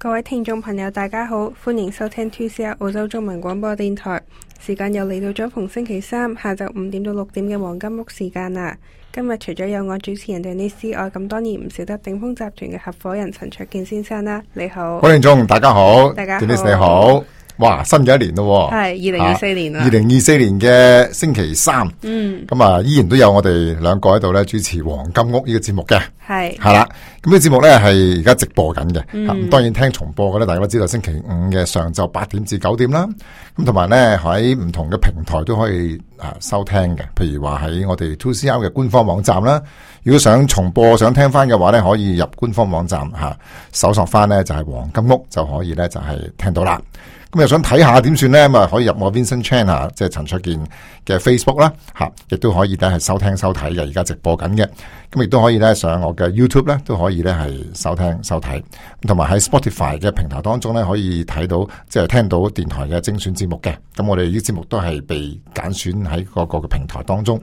各位聽眾朋友，大家好，歡迎收聽 2CR 澳洲中文廣播電台，時間又嚟到咗逢星期三下晝五點到六點嘅黃金屋時間啦。今日除咗有我主持人鄧麗斯外，咁當然唔少得鼎豐集團嘅合夥人陳焯楗先生啦。你好，歡迎大家好，大家好 Denise，你好。哇！新嘅一年咯，係二零二四年啦。二零二四年嘅星期三，咁、嗯、啊依然都有我哋兩個喺度咧主持《黃金屋》呢個節目嘅，係係啦。咁呢個節目咧係而家直播緊嘅，咁、嗯啊、當然聽重播嘅咧，大家都知道星期五嘅上晝八點至九點啦。咁、啊、同埋咧喺唔同嘅平台都可以啊收聽嘅，譬如話喺我哋 2CR 嘅官方網站啦。如果想重播想聽翻嘅話咧，可以入官方網站吓，搜索翻呢就係、是《黃金屋》，就可以咧就係、是、聽到啦。咁又想睇下點算呢？咁啊可以入我 Vincent Chan 即係陳卓健嘅 Facebook 啦，吓亦都可以咧係收聽收睇嘅，而家直播緊嘅。咁亦都可以咧上我嘅 YouTube 咧，都可以咧係收聽收睇，同埋喺 Spotify 嘅平台當中咧可以睇到，即係聽到電台嘅精選節目嘅。咁我哋呢節目都係被揀選喺各個嘅平台當中，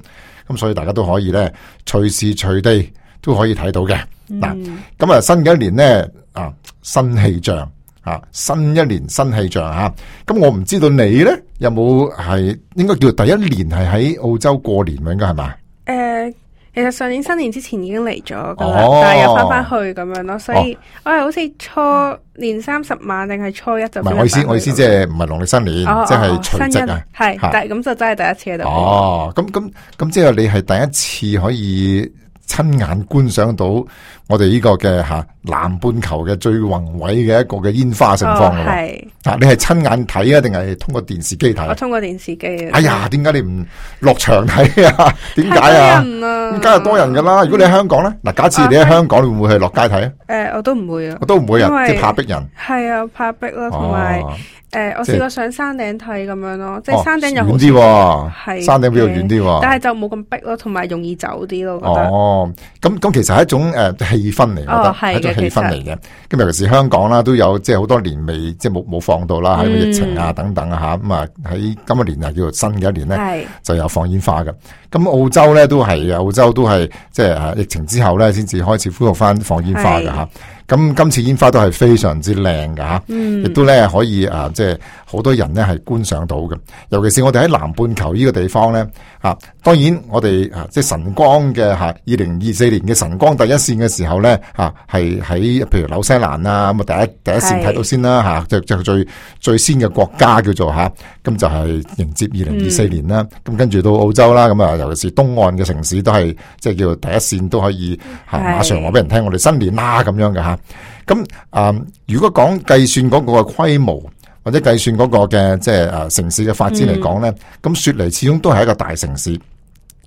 咁所以大家都可以咧隨時隨地都可以睇到嘅。嗱、嗯，咁啊新嘅一年咧啊新氣象。啊！新一年新氣象吓，咁我唔知道你咧有冇係應該叫做第一年係喺澳洲過年應該係嘛？誒、呃，其實上年新年之前已經嚟咗噶啦，哦、但係又翻翻去咁樣咯，所以我係、哦哎、好似初年三十晚定係初一就唔係我意思，我意思即係唔係農曆新年，哦、即係除夕啊，係、哦哦哦，咁就真係第一次喺度。哦，咁咁咁即係你係第一次可以親眼觀賞到。我哋呢個嘅吓南半球嘅最宏偉嘅一個嘅煙花盛況嘅，嗱你係親眼睇啊，定係通過電視機睇？我通過電視機啊。哎呀，點解你唔落場睇啊？點解啊？咁梗係多人噶啦！如果你喺香港咧，嗱，假設你喺香港，你會唔會去落街睇啊？誒，我都唔會啊。我都唔會人即係怕逼人。係啊，怕逼咯，同埋誒，我試過上山頂睇咁樣咯，即係山頂遠啲，係山頂比較遠啲，但係就冇咁逼咯，同埋容易走啲咯。哦，咁咁其實係一種誒。氣氛嚟，我覺得係、oh, 一種氣氛嚟嘅。咁尤、哦、其是香港啦，都有即係好多年未即係冇冇放到啦，喺個疫情啊等等、嗯、啊吓。咁啊喺今年啊叫做新嘅一年咧，的就有放煙花嘅。咁澳洲咧都係澳洲都係即係啊疫情之後咧先至開始恢復翻放煙花嘅吓。咁的、啊、今次煙花都係非常之靚嘅吓，亦、嗯啊、都咧可以啊即係。好多人咧，係觀賞到嘅，尤其是我哋喺南半球呢個地方咧，啊，當然我哋啊即係晨光嘅，吓，二零二四年嘅晨光第一線嘅時候咧，啊，係喺譬如紐西蘭啦咁啊，第一第一線睇到先啦吓，就、啊、就最最、最先嘅國家叫做吓，咁、啊、就係迎接二零二四年啦，咁、嗯、跟住到澳洲啦，咁啊，尤其是東岸嘅城市都係即係叫做第一線都可以吓，啊、是馬上話俾人聽我哋新年啦咁樣嘅吓，咁啊，啊，如果講計算嗰個規模。或者計算嗰個嘅即係誒，城市嘅發展嚟講咧，咁、嗯、雪梨始終都係一個大城市，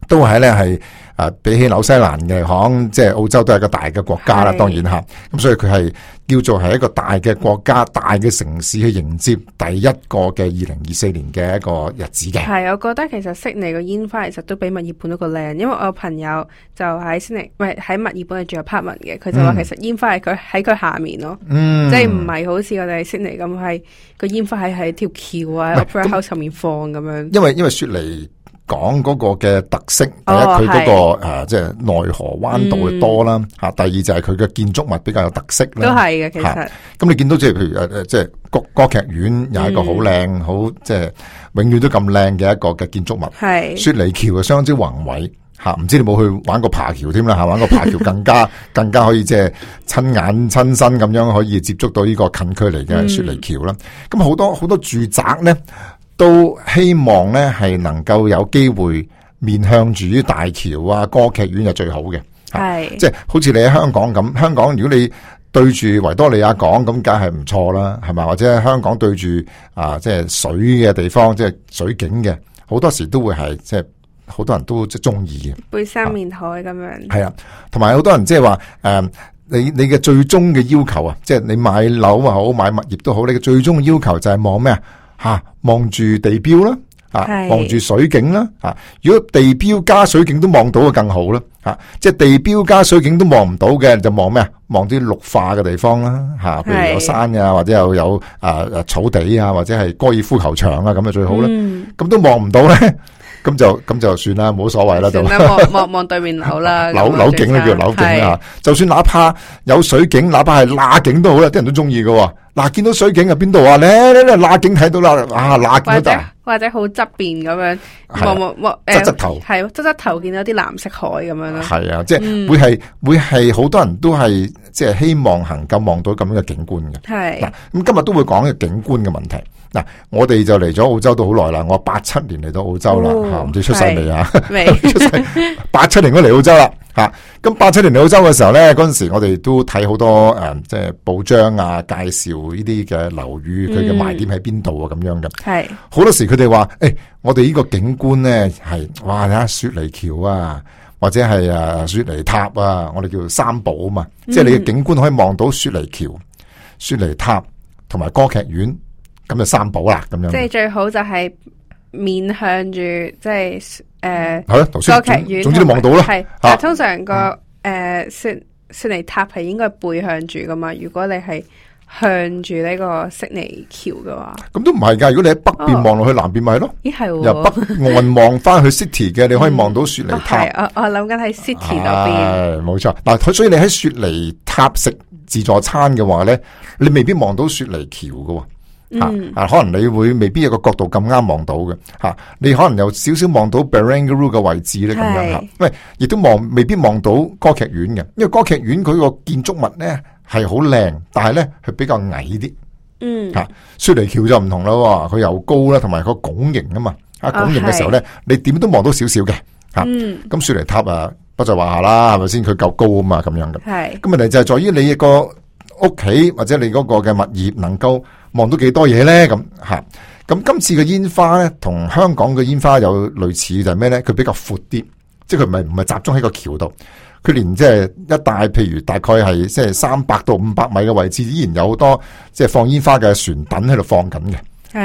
都係咧係。啊！比起紐西蘭嘅，響即係澳洲都係一個大嘅國家啦。是當然，咁所以佢係叫做係一個大嘅國家、嗯、大嘅城市去迎接第一個嘅二零二四年嘅一個日子嘅。係，我覺得其實悉尼個煙花其實都比墨爾本都個靚，因為我朋友就喺悉尼，唔係喺墨爾本係住喺帕文嘅，佢就話其實煙花係佢喺佢下面咯，即係唔係好似我哋悉尼咁，係、個煙花係喺條橋啊，Opera 喂 house 那上面放咁樣因。因為因為雪梨。講嗰個嘅特色，哦、第一佢嗰、那個誒是、呃，即係內河彎道嘅多啦，吓、嗯、第二就係佢嘅建築物比較有特色啦。都係嘅，其實。咁、啊、你見到即係譬如誒誒、呃，即係國歌劇院又係一個好靚，好、嗯、即係永遠都咁靚嘅一個嘅建築物。係、嗯。雪梨橋啊，相當之宏偉吓，唔知你冇去玩過爬橋添啦吓，玩過爬橋更加 更加可以即係親眼親身咁樣可以接觸到呢個近距離嘅雪梨橋啦。咁好、嗯啊、多好多住宅咧。都希望呢係能夠有機會面向住於大橋啊，歌劇院係最好嘅。係是，即係好似你喺香港咁，香港如果你對住維多利亞港咁，梗係唔錯啦，係咪？或者香港對住啊，即係水嘅地方，即係水景嘅，好多時都會係即係好多人都即中意嘅背山面海咁樣。係啊，同埋好多人即係話誒，你你嘅最終嘅要求啊，即係你買樓啊好，買物業都好，你嘅最終嘅要求就係望咩啊？吓，望住、啊、地標啦，吓、啊，望住水景啦，吓、啊。如果地標加水景都望到就更好啦，吓、啊。即係地標加水景都望唔到嘅，就望咩啊？望啲綠化嘅地方啦，吓、啊。譬如有山啊，或者又有、啊、草地啊，或者係高爾夫球場啊，咁啊最好啦。咁、嗯、都望唔到咧，咁就咁就算啦，冇所謂啦，就，就。望望望對面樓啦，樓樓景咧叫樓景啊。景是就算哪怕有水景，哪怕係罅景好都好啦，啲人都中意喎。嗱、啊，見到水景喺邊度啊咧？嗱，景睇到啦，啊，嗱見到或者好側邊咁樣，側側、啊啊、頭係側側頭見到啲藍色海咁樣係係啊，即係會係、嗯、會係好多人都係即係希望行咁望到咁樣嘅景觀嘅。係是。咁、啊、今日都會講嘅景觀嘅問題。嗱、啊，我哋就嚟咗澳洲都好耐啦。我八七年嚟到澳洲啦，唔知出世未啊？出未啊出世。八七 年都嚟澳洲啦。啊！咁八七年嚟澳洲嘅時候咧，嗰陣時我哋都睇好多誒，即係報章啊，介紹呢啲嘅樓宇佢嘅賣點喺邊度啊，咁樣嘅。係是好多時佢哋話，誒、欸，我哋呢個景觀咧係，哇！睇下雪梨橋啊，或者係誒、啊、雪梨塔啊，我哋叫三寶嘛，嗯、即係你嘅景觀可以望到雪梨橋、雪梨塔同埋歌劇院，咁就三寶啦，咁樣。即係最好就係、是。面向住即係誒，呃、個劇院總之你望到啦。係，啊、但通常、那個誒、嗯呃、雪雪尼塔係應該背向住噶嘛。如果你係向住呢個悉尼橋嘅話，咁都唔係噶。啊、如果你喺北邊望落去，南邊咪係咯。咦係？由、啊、北岸望翻去 City 嘅，你可以望到雪尼塔。嗯哦啊、我我諗緊喺 City 嗰邊，係冇錯。嗱，所以你喺雪尼塔食自助餐嘅話咧，你未必望到雪尼橋噶。吓、嗯、啊，啊！可能你會未必有個角度咁啱望到嘅吓、啊，你可能有少少望到 Barangaroo 嘅位置咧咁是樣吓，喂、啊，亦都望未必望到歌劇院嘅，因為歌劇院佢個建築物咧係好靚，但係咧係比較矮啲。嗯，吓、啊，雪梨橋就唔同啦，佢又高啦，同埋個拱形啊嘛，啊拱形嘅時候咧，啊、你都點都望到少少嘅吓。咁、啊嗯啊、雪梨塔啊，不在話下啦是，係咪先？佢夠高啊嘛，咁樣嘅。係。咁問題就係在於你一個屋企或者你嗰個嘅物業能夠。望到幾多嘢咧？咁吓，咁今次嘅煙花咧，同香港嘅煙花有類似就係咩咧？佢比較闊啲，即係佢唔係唔係集中喺個橋度，佢連即係一帶，譬如大概係即係三百到五百米嘅位置，依然有好多是即係放煙花嘅船躉喺度放緊嘅，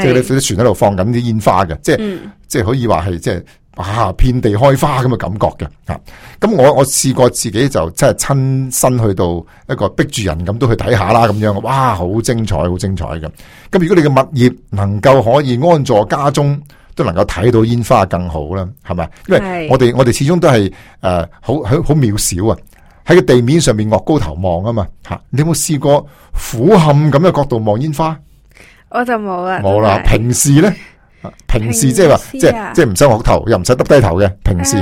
即係你啲船喺度放緊啲煙花嘅，嗯、即係即係可以話係即係。哇、啊！遍地開花咁嘅感覺嘅，吓、啊、咁我我試過自己就真係親身去到一個逼住人咁都去睇下啦，咁樣哇，好精彩，好精彩嘅。咁如果你嘅物業能夠可以安坐家中都能夠睇到煙花更好啦，係咪？因為我哋是我哋始終都係誒、呃、好好好渺小啊，喺個地面上面惡高頭望嘛啊嘛吓。你有冇試過俯瞰咁嘅角度望煙花？我就冇啦，冇啦。是平時咧？平視，即係話、啊，即係即係唔使學頭，又唔使耷低頭嘅，平視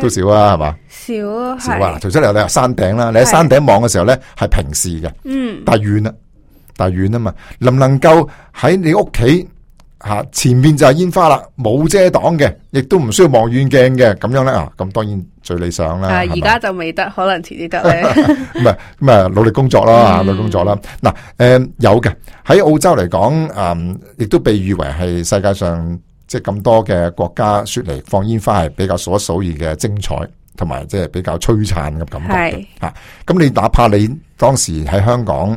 都少啊，係嘛、欸？是吧少啊，少啊是。除咗你喺山頂啦，你喺山頂望嘅時候咧，係平視嘅。嗯，但係遠啦，但係遠啊嘛，能唔能夠喺你屋企？吓，前面就係煙花啦，冇遮擋嘅，亦都唔需要望遠鏡嘅，咁樣咧啊，咁當然最理想啦。而家、啊、就未得，吧可能遲啲得咧。唔係， 咁啊，努力工作啦，嗯、努力工作啦。嗱、啊，誒、嗯，有嘅，喺澳洲嚟講、嗯，亦都被譽為係世界上即係咁多嘅國家雪梨放煙花係比較數一數二嘅精彩，同埋即係比較璀璨嘅感覺吓，咁是、啊、你哪怕你當時喺香港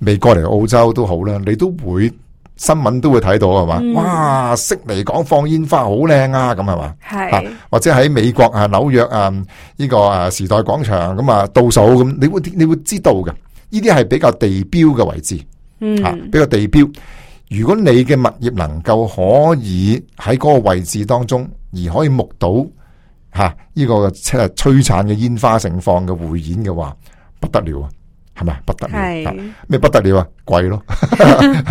未過嚟澳洲都好啦，你都會，新聞都會睇到係嘛，嗯、哇！悉尼港放煙花好靚啊，咁係嘛，是或者喺美國啊紐約啊呢、這個誒時代廣場咁啊倒數咁，你會你會知道嘅，呢啲係比較地標嘅位置，嗯、啊，比較地標。如果你嘅物業能夠可以喺嗰個位置當中而可以目睹吓呢、啊這個即係璀璨嘅煙花盛放嘅匯演嘅話，不得了啊！係咪不得？了，咩不得了啊？貴咯，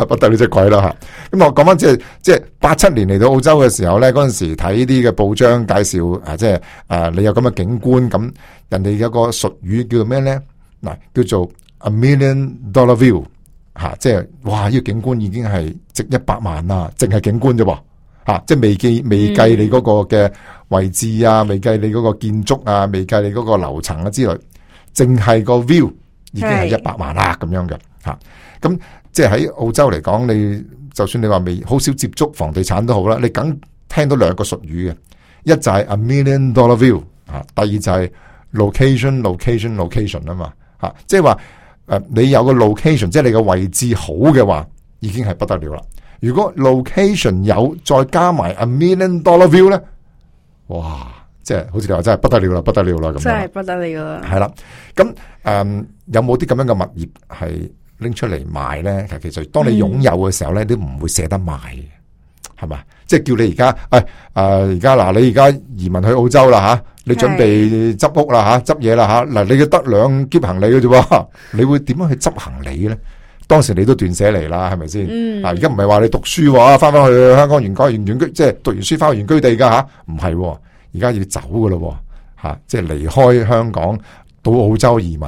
不得了是、啊、就貴啦吓。咁、嗯、我講翻即係即係八七年嚟到澳洲嘅時候咧，嗰陣時睇啲嘅報章介紹啊，即、就、係、是、啊，你有咁嘅景觀咁，那人哋有一個術語叫做咩咧？嗱、啊，叫做 a million dollar view 吓、啊，即、就、係、是、哇！呢、這個景觀已經係值一百萬啦，淨係景觀啫，吓、啊，即係未計未計你嗰個嘅位置啊，未計、嗯啊、你嗰個建築啊，未計你嗰個樓層啊樓層之類，淨係個 view。已經係一百萬啦，咁樣嘅吓，咁即係喺澳洲嚟講，你就算你話未好少接觸房地產都好啦，你梗聽到兩個術語嘅，一就係 a million dollar view，第二就係 loc location，location，location 啊嘛吓，即係話誒你有個 location，即係你個位置好嘅話，已經係不得了啦。如果 location 有再加埋 a million dollar view 咧，哇！即係好似你話真係不得了啦，不得了啦咁。真係不得了。係啦，咁誒、嗯，有冇啲咁樣嘅物業係拎出嚟賣咧？其實當你擁有嘅時候咧，都唔、嗯、會捨得賣嘅，係嘛？即係叫你而家誒誒，而家嗱，你而家移民去澳洲啦吓、啊，你準備執屋啦吓，執嘢啦吓。嗱、啊，你嘅得兩篋行李嘅啫，你會點樣去執行李咧？當時你都斷捨離啦，係咪先？嗱、嗯，而家唔係話你讀書喎，翻翻去香港原居原，原，原即係讀完書翻去原居地噶吓，唔、啊、係。而家要走噶咯，吓，即係離開香港到澳洲移民，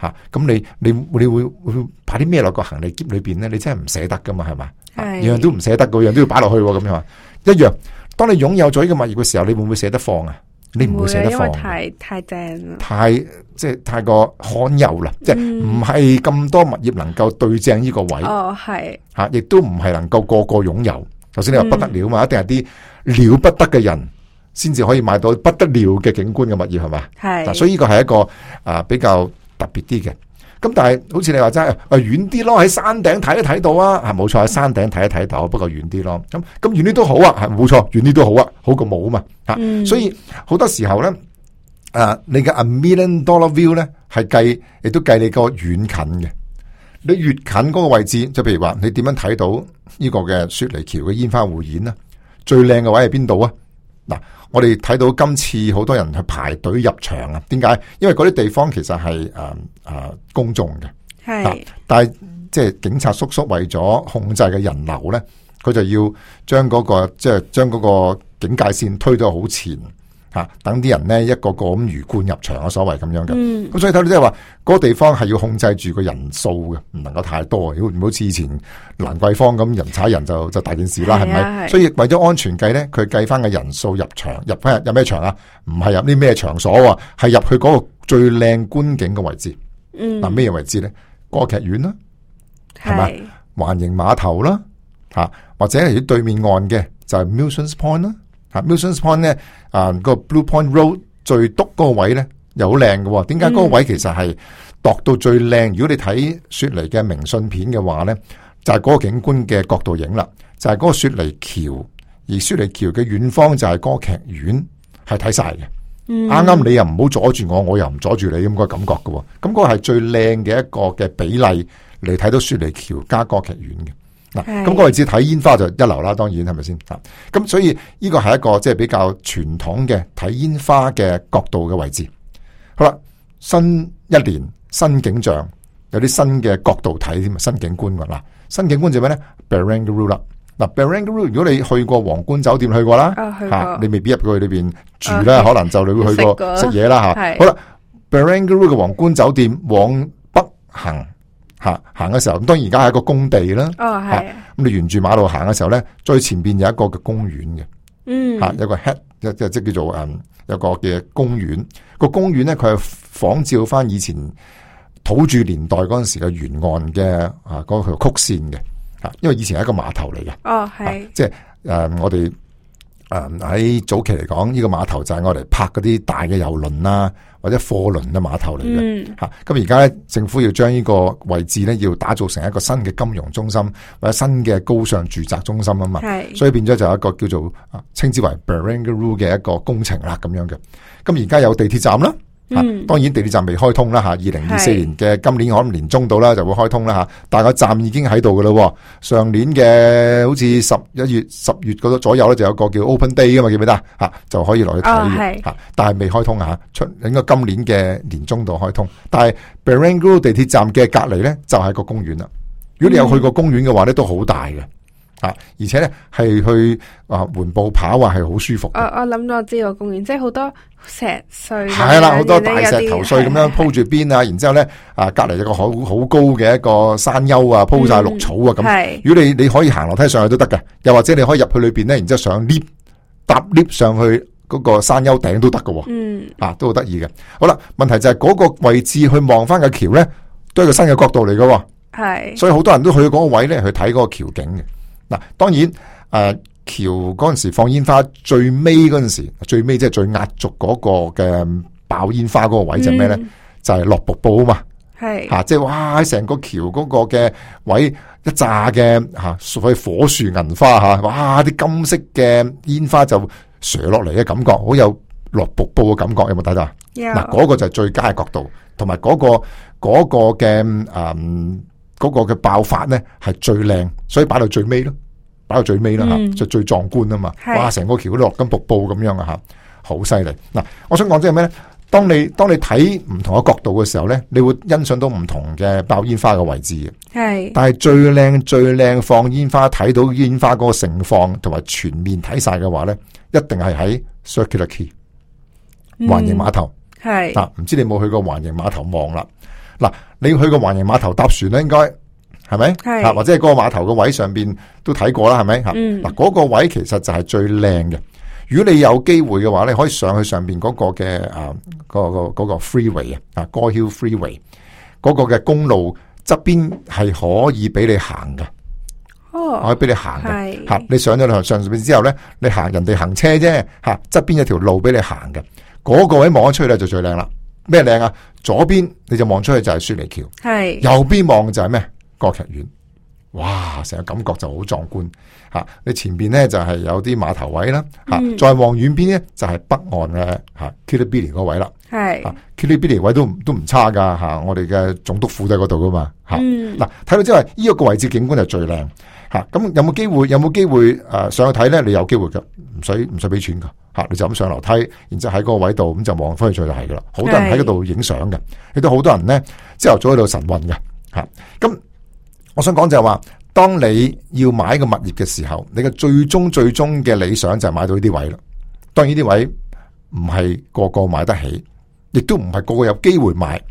吓，咁你你你會會擺啲咩落個行李篋裏邊咧？你真係唔捨得噶嘛，係嘛？是樣樣都唔捨得，個樣都要擺落去咁樣。一樣，當你擁有咗呢個物業嘅時候，你會唔會捨得放啊？你唔會捨得放，得放太，太正啦，太即係太過罕有啦，嗯、即係唔係咁多物業能夠對正呢個位。哦，係吓，亦都唔係能夠個個擁有。頭先你話不得了嘛，嗯、一定係啲了不得嘅人。先至可以買到不得了嘅景觀嘅物業係嘛？係是、啊，所以呢個係一個啊、呃、比較特別啲嘅。咁但係好似你話齋啊遠啲咯，喺山頂睇都睇到啊，係冇錯，喺山頂睇都睇到，不過遠啲咯。咁咁遠啲都好啊，係冇錯，遠啲都好啊，好過冇啊嘛。吓、嗯，所以好多時候咧，啊，你嘅 a million dollar view 咧係計，亦都計你個遠近嘅。你越近嗰個位置，就譬如話你點樣睇到呢個嘅雪梨橋嘅煙花匯演啊？最靚嘅位係邊度啊？嗱。我哋睇到今次好多人去排隊入場啊？點解？因為嗰啲地方其實係誒、呃呃、公眾嘅是、啊，但係即係警察叔叔為咗控制嘅人流呢，佢就要將嗰、嗰個即係將嗰個警戒線推到好前。吓，等啲人咧一個個咁魚貫入場嘅所謂咁樣嘅，咁、嗯、所以睇到即係話嗰個地方係要控制住個人數嘅，唔能夠太多，如果唔好似以前蘭桂坊咁人踩人就就大件事啦，係咪、嗯？吧啊、所以為咗安全計咧，佢計翻個人數入場，入翻入咩場啊？唔係入啲咩場所啊？係入去嗰個最靚觀景嘅位置。嗯，嗱咩位置咧？歌劇院啦，係咪是？環形碼頭啦，吓或者係喺對面岸嘅就係 Milsons Point 啦。啊 Milsons Point 咧，啊個 Blue Point Road 最篤嗰個位咧，又好靚嘅。點解嗰個位其實係度到最靚？嗯、如果你睇雪梨嘅明信片嘅話咧，就係、是、嗰個景觀嘅角度影啦，就係、是、嗰個雪梨橋，而雪梨橋嘅遠方就係歌劇院，係睇晒嘅。啱啱你又唔好阻住我，我又唔阻住你咁、那個感覺喎、哦。咁、那、嗰個係最靚嘅一個嘅比例嚟睇到雪梨橋加歌劇院嘅。嗱，咁個位置睇煙花就一流啦，當然係咪先？吓，咁所以呢個係一個即係比較傳統嘅睇煙花嘅角度嘅位置。好啦，新一年新景象，有啲新嘅角度睇添，新景觀噶啦。新景觀就咩咧？Barangaroo 啦，嗱，Barangaroo，如果你去過皇冠酒店去過啦，吓、啊啊，你未必入去裏邊住啦，okay, 可能就你會去過食嘢啦，吓。是好啦，Barangaroo 嘅皇冠酒店往北行。吓，行嘅時候，咁當然而家係一個工地啦。哦，係。咁你、啊嗯、沿住馬路行嘅時候咧，最前邊有一個嘅公園嘅。嗯。吓，有個 head，即即，即叫做誒，有、嗯、個嘅公園。個公園咧，佢係仿照返以前土著年代嗰陣時嘅沿岸嘅啊，嗰、那、條、個、曲線嘅。吓、啊，因為以前係一個碼頭嚟嘅。哦，係、啊。即係誒、嗯，我哋誒喺早期嚟講，呢、這個碼頭就係我哋泊嗰啲大嘅遊輪啦。或者貨輪嘅碼頭嚟嘅，咁而家咧，政府要將呢個位置咧，要打造成一個新嘅金融中心或者新嘅高尚住宅中心啊嘛，是 所以變咗就有一個叫做啊稱之為 Barangaroo 嘅一個工程啦咁樣嘅。咁而家有地鐵站啦。嗯、啊，當然地鐵站未開通啦嚇，二零二四年嘅今年可能是年中到啦就會開通啦嚇、啊，但係個站已經喺度嘅咯。上年嘅好似十一月十月嗰度左右咧，就有個叫 Open Day 嘅嘛，記唔記得啊？就可以落去睇嘅嚇，但係未開通嚇，出、啊、應該今年嘅年中度開通。但係 Barangaroo 地鐵站嘅隔離咧就係、是、個公園啦。如果你有去過公園嘅話咧，嗯、都好大嘅。啊！而且咧，係去啊，緩步跑話係好舒服我。我我諗咗，知個公園即係好多石碎係啦，好多大石頭碎咁樣鋪住邊啊。然之後咧啊，隔籬有一個好好高嘅一個山丘啊，鋪晒綠草啊咁。如果你你可以行樓梯上去都得嘅，又或者你可以入去裏邊咧，然之後上 lift 搭 lift 上去嗰個山丘頂都得嘅、啊。嗯，啊，都好得意嘅。好啦，問題就係嗰個位置去望翻個橋咧，都係一個新嘅角度嚟嘅、啊。係的，所以好多人都去嗰個位咧去睇嗰個橋景嘅。嗱，當然，誒、啊，橋嗰陣時放煙花最尾嗰陣時，最尾即係最壓軸嗰個嘅爆煙花嗰個位就係咩咧？就係落瀑布啊嘛，係吓是，即係哇！成個橋嗰個嘅位一炸嘅吓，所謂火樹銀花吓，哇！啲、啊啊、金色嘅煙花就射落嚟嘅感覺，好有落瀑布嘅感覺，有冇睇到 Yeah. 啊？嗱，嗰個就係最佳嘅角度，同埋嗰個、嗰個嘅嗯。嗰個嘅爆發咧係最靚，所以擺到最尾咯，擺到最尾啦吓，就、嗯、最壯觀啊嘛！是哇，成個橋都落金瀑布咁樣啊吓，好犀利！嗱，我想講即係咩咧？當你當你睇唔同嘅角度嘅時候咧，你會欣賞到唔同嘅爆煙花嘅位置嘅。係是，但係最靚最靚放煙花睇到煙花嗰個盛況同埋全面睇晒嘅話咧，一定係喺 Circular Quay 環形碼頭。係啊、嗯，唔知你有冇去過環形碼頭望啦？嗱，你要去個環形碼頭搭船咧，應該係咪？係是，或者係個碼頭的位面、嗯、個位上邊都睇過啦，係咪？吓，嗱，嗰個位其實就係最靚嘅。如果你有機會嘅話，你可以上去上邊嗰個嘅誒，嗰、啊那個、那個、那個、freeway 啊，i l l freeway 個嘅公路側邊係可以俾你行嘅，oh, 可以俾你行嘅，吓是，你上咗上上邊之後咧，你行人哋行車啫，吓、啊，側邊一條路俾你行嘅，嗰、那個位望一出去咧就最靚啦。咩靚啊？左邊你就望出去就係雪梨橋，係是右邊望就係咩國劇院，哇！成個感覺就好壯觀吓、啊。你前邊咧就係、是、有啲碼頭位啦，吓、啊嗯、再望遠邊咧就係、是、北岸嘅吓 Kirribilli 嗰位啦，係 Kirribilli 位都都唔差噶吓、啊。我哋嘅總督府都喺嗰度噶嘛吓，嗱、啊、睇、嗯啊、到即係呢個個位置景觀就最靚。吓，咁有冇機會，有冇機會誒上去睇咧？你有機會㗎，唔使唔使俾錢噶吓，你就咁上樓梯，然之後喺嗰個位度咁就望翻去最大噶啦，好多人喺嗰度影相嘅，亦都好多人咧朝頭早喺度晨運嘅吓。咁我想講就係話，當你要買個物業嘅時候，你嘅最終最終嘅理想就係買到呢啲位啦。當然呢啲位唔係個個買得起，亦都唔係個個有機會買。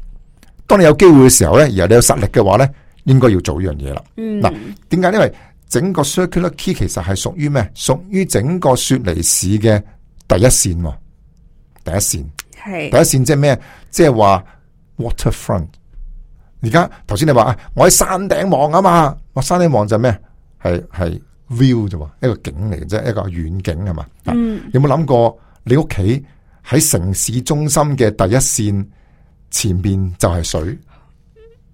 當你有機會嘅時候咧，而家你有實力嘅話咧，應該要做呢樣嘢啦。嗱、嗯，點解？因為整個 Circular Quay 其實係屬於咩？屬於整個雪梨市嘅第一線，是第一線係第一線即係咩？即係話 Waterfront。而家頭先你話我喺山頂望啊嘛，我山頂望就咩？係係 view 啫，一個景嚟嘅啫，一個遠景係嘛？嗯，有冇諗過你屋企喺城市中心嘅第一線前邊就係水？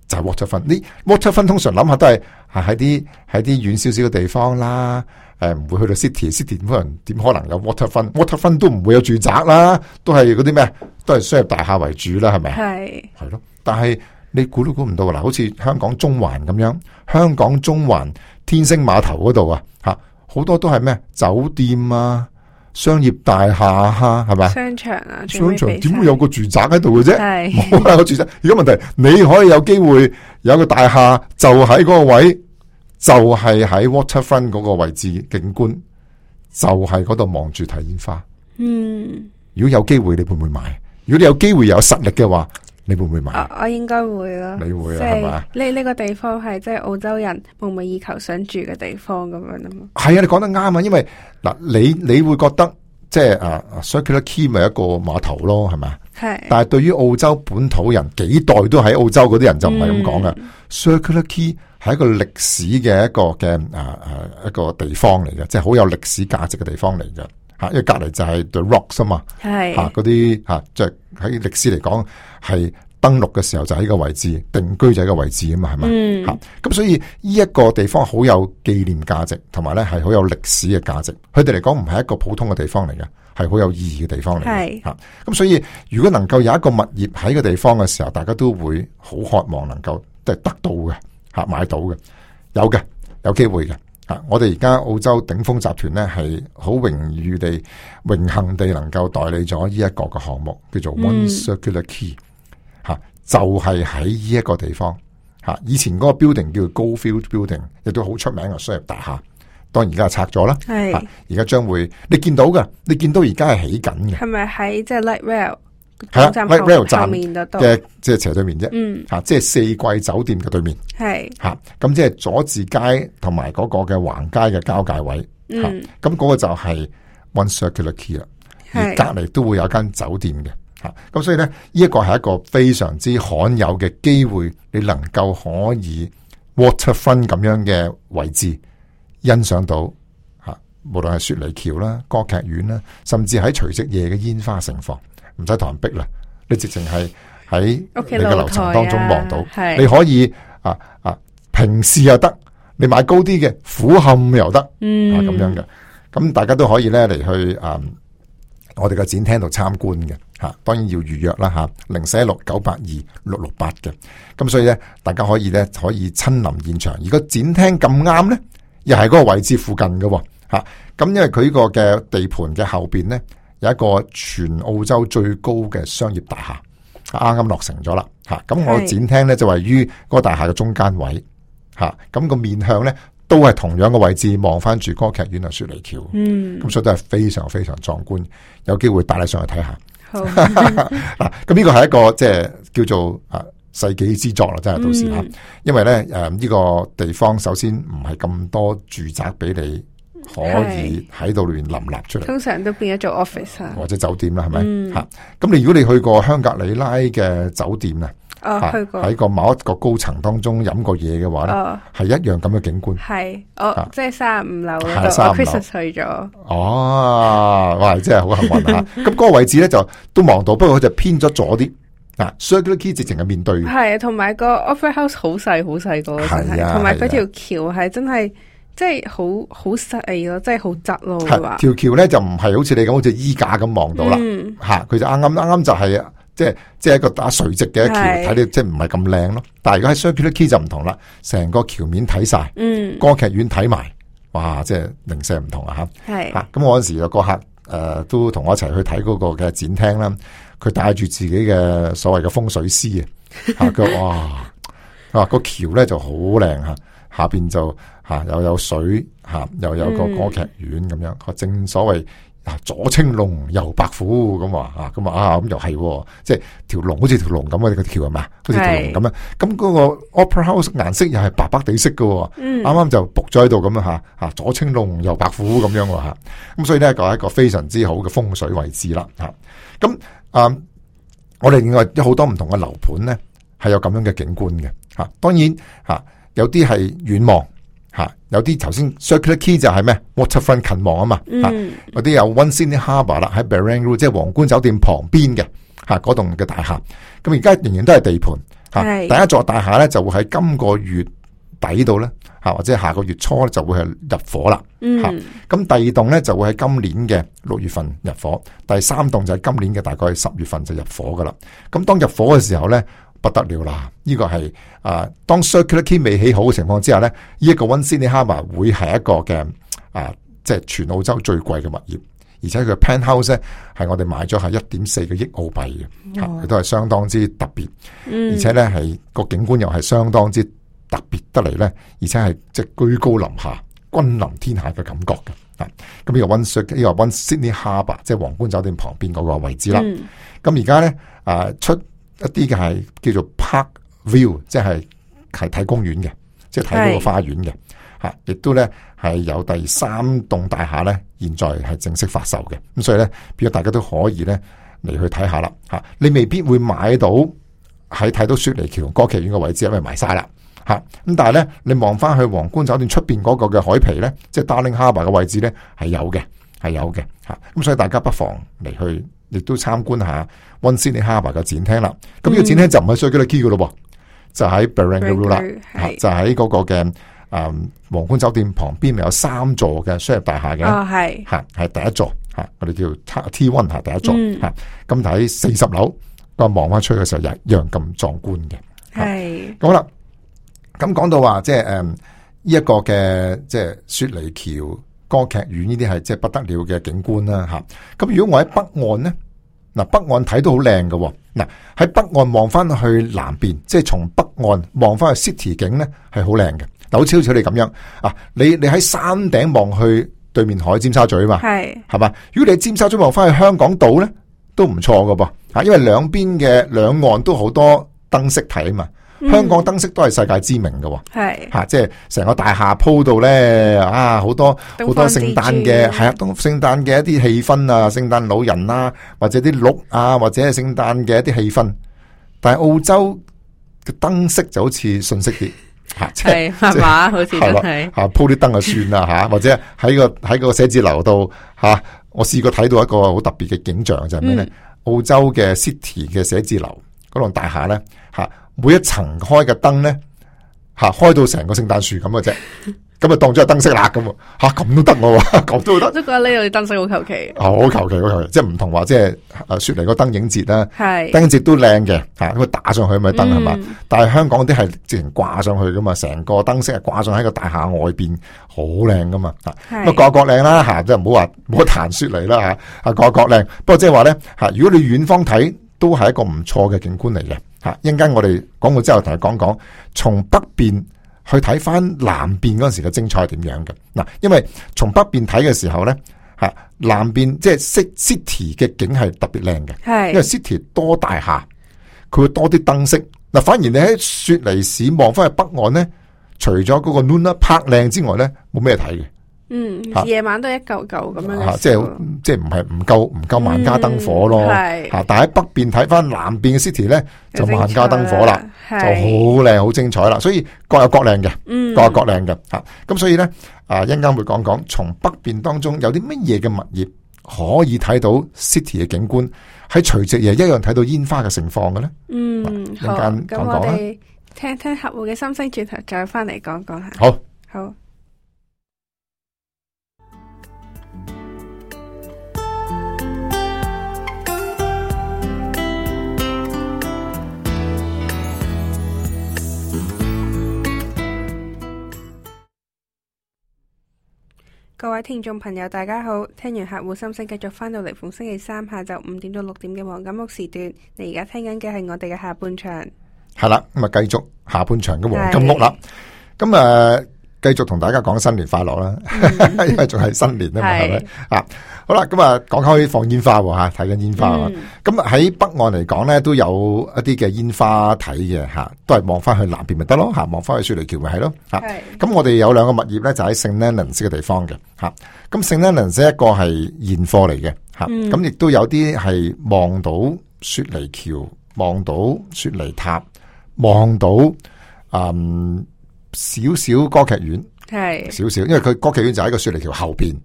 就係 waterfront，呢 waterfront 通常諗下都係喺啲喺啲遠少少嘅地方啦，誒唔會去到 city，city 點 city 可能點可能有 waterfront，waterfront 都唔會有住宅啦，都係嗰啲咩都係商業大廈為主啦，係咪係，係咯是，但係你估都估唔到啦，好似香港中環咁樣，香港中環天星碼頭嗰度啊，嚇好多都係咩酒店啊。商業大廈哈，係咪商場啊，商場點會有個住宅喺度嘅啫？冇有個住宅。如果問題，你可以有機會有個大廈，就喺嗰個位，就係、是、喺 waterfront 嗰個位置景觀，就係嗰度望住睇煙花。嗯，如果有機會，你會唔會買？如果你有機會有實力嘅話。你會唔會買？我我應該會啊。你會啊，係嘛以？呢呢吧、這個地方係即係澳洲人夢寐以求想住嘅地方咁樣啊嘛。係啊，你講得啱啊，因為嗱，你你會覺得即係啊，Circular Key 咪一個碼頭咯，係咪？是但係對於澳洲本土人幾代都喺澳洲嗰啲人就唔係咁講嘅、嗯、，Circular Key 係一個歷史嘅一個嘅啊，啊一個地方嚟嘅，即係好有歷史價值嘅地方嚟嘅。吓，因為隔籬就係 The Rocks 啊嘛，嗰啲吓，即係喺歷史嚟講係登陸嘅時候就喺個位置定居就喺個位置啊嘛，係嘛，吓咁、嗯、所以呢一個地方好有紀念價值，同埋咧係好有歷史嘅價值。佢哋嚟講唔係一個普通嘅地方嚟嘅，係好有意義嘅地方嚟嘅。吓咁係所以如果能夠有一個物業喺個地方嘅時候，大家都會好渴望能夠即係得到嘅吓買到嘅，有嘅有機會嘅。啊！我哋而家澳洲頂峰集團咧，係好榮譽地、榮幸地能夠代理咗呢一個嘅項目，叫做 One Circular Quay、嗯。吓、啊，就係喺呢一個地方。吓、啊，以前嗰個 building 叫 Gold Fields Building，亦都好出名嘅商業大廈，當然而家拆咗啦。係是，而家將會你見到㗎，你見到而家係起緊嘅。係咪喺即係 Light Rail？係啊，rail 站嘅即係斜對面啫、嗯啊，吓即係四季酒店嘅對面，係吓咁即係佐治街同埋嗰個嘅橫街嘅交界位，吓咁嗰個就係 One Shark Lucky 啦，是啊、而隔籬都會有一間酒店嘅，吓、啊、咁所以咧呢一個係一個非常之罕有嘅機會，你能夠可以 water 分咁樣嘅位置欣賞到吓、啊，無論係雪梨橋啦、歌劇院啦，甚至喺除夕夜嘅煙花盛放。唔使同人逼啦，你直情係喺你嘅樓層當中望到，啊、你可以啊啊平視又得，你買高啲嘅俯瞰又得，啊咁樣嘅，咁大家都可以咧嚟，去啊我哋嘅展廳度參觀嘅吓，當然要預約啦吓，零四一六九八二六六八嘅，咁所以咧大家可以咧可以親臨現場，而個展廳咁啱咧，又係嗰個位置附近嘅吓，咁、啊啊、因為佢個嘅地盤嘅後邊咧。一個全澳洲最高嘅商業大廈，啱啱落成咗啦，吓咁我展廳咧就位於嗰個大廈嘅中間位，吓、那、咁個面向咧都係同樣嘅位置望翻住歌劇院同雪梨橋，嗯，咁所以都係非常非常壯觀，有機會帶你上去睇下，好，咁呢 個係一個即係叫做啊世紀之作啦，真係到時吓，嗯、因為咧誒呢、這個地方首先唔係咁多住宅俾你。可以喺度裏林立出嚟，通常都變咗做 office 啊，或者酒店啦，係咪？吓咁你如果你去過香格里拉嘅酒店啊，哦，去過喺個某一個高層當中飲過嘢嘅話咧，係一樣咁嘅景觀。係，哦，即係三十五樓嗰個，我確實去咗。哦，哇，真係好幸運吓！咁嗰個位置咧就都望到，不過佢就偏咗咗啲啊。Circular Quay 直情係面對嘅，係，同埋個 Opera House 好細好細個，係啊，同埋嗰條橋係真係。即係好好細咯，即係是吧好窄咯。條橋咧就唔係好似你咁好似依架咁望到啦，吓佢就啱啱啱啱就係啊，即係即係一個打垂直嘅橋，睇你是即係唔係咁靚咯。但係如果喺 Circular Quay 就唔同啦，成個橋面睇晒，嗯、歌劇院睇埋，哇，即係零舍唔同是啊吓。咁我嗰時就個客誒、呃、都同我一齊去睇嗰個嘅展廳啦，佢帶住自己嘅所謂嘅風水師啊，佢話啊、個橋咧就好靚吓，下邊就。吓，又有水吓，又有個歌劇院咁樣。正所謂左青龍，右白虎咁話吓，咁啊咁、啊、又係，即係條龍好似條龍咁嘅個條係嘛，好似條龍咁樣咁嗰個 Opera House 顏色又係白白地色嘅，啱啱、嗯、就仆咗喺度咁樣吓吓。左青龍，右白虎咁樣啊。咁所以咧，就係一個非常之好嘅風水位置啦。吓、啊、咁、啊，我哋另外有好多唔同嘅樓盤咧，係有咁樣嘅景觀嘅吓、啊。當然吓、啊，有啲係遠望。吓，有啲頭先 Circular Quay 就係咩，Waterfront 近望啊嘛，吓、嗯，啲有，有 One Sydney Harbour 啦喺 Barangaroo，即係皇冠酒店旁邊嘅吓，嗰棟嘅大廈，咁而家仍然都係地盤吓，是第一座大廈咧就會喺今個月底度咧吓，或者下個月初咧就會係入伙啦，吓、嗯，咁第二棟咧就會喺今年嘅六月份入伙，第三棟就喺今年嘅大概十月份就入伙噶啦，咁當入伙嘅時候咧。不得了啦！呢、這個係啊，當 Circular Quay 未起好嘅情況之下咧，呢、這個、一個 One Sydney Harbour 會係一個嘅啊，即、就、係、是、全澳洲最貴嘅物業，而且佢嘅 Penthouse 咧係我哋買咗係一點四個億澳幣嘅，吓亦都係相當之特別，嗯、而且咧係個景觀又係相當之特別得嚟咧，而且係即係居高臨下，君臨天下嘅感覺嘅吓。咁、啊、呢、這個 One Circular 呢個 One Sydney Harbour 即係皇冠酒店旁邊嗰個位置啦。咁而家咧啊出。一啲嘅係叫做 Park View，即係係睇公園嘅，即係睇到個花園嘅，吓是，亦都咧係有第三棟大廈咧，現在係正式發售嘅，咁所以咧，變咗大家都可以咧嚟去睇下啦，吓，你未必會買到喺睇到雪梨橋歌劇院嘅位置，因為埋晒啦，吓，咁但係咧，你望翻去皇冠酒店出邊嗰個嘅海皮咧，即係 Darling Harbour 嘅位置咧，係有嘅，係有嘅，吓，咁所以大家不妨嚟去。亦都參觀一下 One Sydney Harbour 嘅展廳啦，咁呢個展廳就唔喺 Shanghai Key 咯，就喺 Barangaroo 啦，是就喺嗰個嘅誒、嗯、皇冠酒店旁邊，咪有三座嘅商業大廈嘅，係吓係第一座吓，我哋叫 T One 吓第一座吓，咁睇四十樓個望翻出去嘅時候，一樣咁壯觀嘅，係是好啦。咁講到話即係誒呢一個嘅即係雪梨橋。歌劇院呢啲係即係不得了嘅景觀啦吓，咁如果我喺北岸呢，嗱北岸睇都好靚嘅，嗱喺北岸望翻去南邊，即係從北岸望翻去 city 景呢，係好靚嘅，就好似好似你咁樣啊，你你喺山頂望去對面海，尖沙咀嘛係係嘛，如果你喺尖沙咀望翻去香港島呢，都唔錯㗎噃吓，因爲兩邊嘅兩岸都好多燈飾睇啊嘛。嗯、香港燈飾都係世界知名嘅，係吓是，即係成個大廈鋪到咧，啊，好多好多聖誕嘅，係、嗯、啊，聖誕嘅一啲氣氛啊，聖誕老人啊或者啲鹿啊，或者係聖誕嘅一啲氣、啊、氛。但係澳洲嘅燈飾就好似遜色啲，係係嘛，好似係吓鋪啲燈就算啦吓、 啊，或者喺個喺個寫字樓度吓，我試過睇到一個好特別嘅景象就係咩咧？嗯、澳洲嘅 city 嘅寫字樓嗰棟大廈咧吓。啊每一層開嘅燈咧，吓開到成個聖誕樹咁嘅啫，咁啊當咗個燈飾啦咁，吓咁都得咯，咁都得，都覺得呢度啲燈飾好求其，好求其，好求其，即係唔同話，即係雪梨個燈影節啦，燈節是都靚嘅，吓咁打上去咪燈係嘛，但係香港啲係自然掛上去噶嘛，成個燈飾係掛上喺個大廈外邊，好靚噶嘛，吓咁個個靚啦吓，即係唔好話唔好彈雪梨啦吓，啊個個靚，不過即係話咧吓，如果你遠方睇，都係一個唔錯嘅景觀嚟嘅。一陣間我哋講到之後，就講講從北邊去睇翻南邊嗰時嘅精彩係點樣嘅嗱。因為從北邊睇嘅時候咧，吓南邊即係 city 嘅景係特別靚嘅，係是因為 city 多大廈，佢會多啲燈飾。嗱，反而你喺雪梨市望翻去北岸咧，除咗嗰個 Luna Park 靚之外咧，冇咩睇嘅。嗯，夜晚都一嚿嚿咁樣，即係即係唔係唔夠唔夠萬家燈火咯。係、嗯啊，但係喺北邊睇翻南邊嘅 city 咧，就萬家燈火啦，就好靚好精彩啦。所以各有各靚嘅，嗯、各有各靚嘅吓。咁所以咧，啊，一陣間會講講，從北邊當中有啲乜嘢嘅物業可以睇到 city 嘅景觀，喺除夕夜一樣睇到煙花嘅情況嘅咧。嗯，一陣間咁講啦。咁我哋聽聽客戶嘅心聲，轉頭再翻嚟講講吓。好，好。各位聽眾朋友，大家好！聽完客戶心聲，繼續翻到嚟，逢星期三下晝五點到六點嘅黃金屋時段。你而家聽緊嘅係我哋嘅下半場，係啦，咁啊繼續下半場嘅黃金屋啦。咁啊。繼續同大家講新年快樂啦，因為仲係新年啊嘛，係咪啊？好啦，咁啊，講開放煙花吓，睇緊煙花啊！咁喺北岸嚟講呢，都有一啲嘅煙花睇嘅吓，都係望翻去南邊咪得咯吓，望翻去雪梨橋咪係咯吓。咁係我哋有兩個物業呢，就喺 St Leonards 嘅地方嘅吓。咁 St Leonards 一個係現貨嚟嘅吓，咁亦都有啲係望到雪梨橋，望到雪梨塔，望到嗯。少少歌劇院，少少，因為佢歌劇院就喺、嗯啊、個,個雪梨橋後邊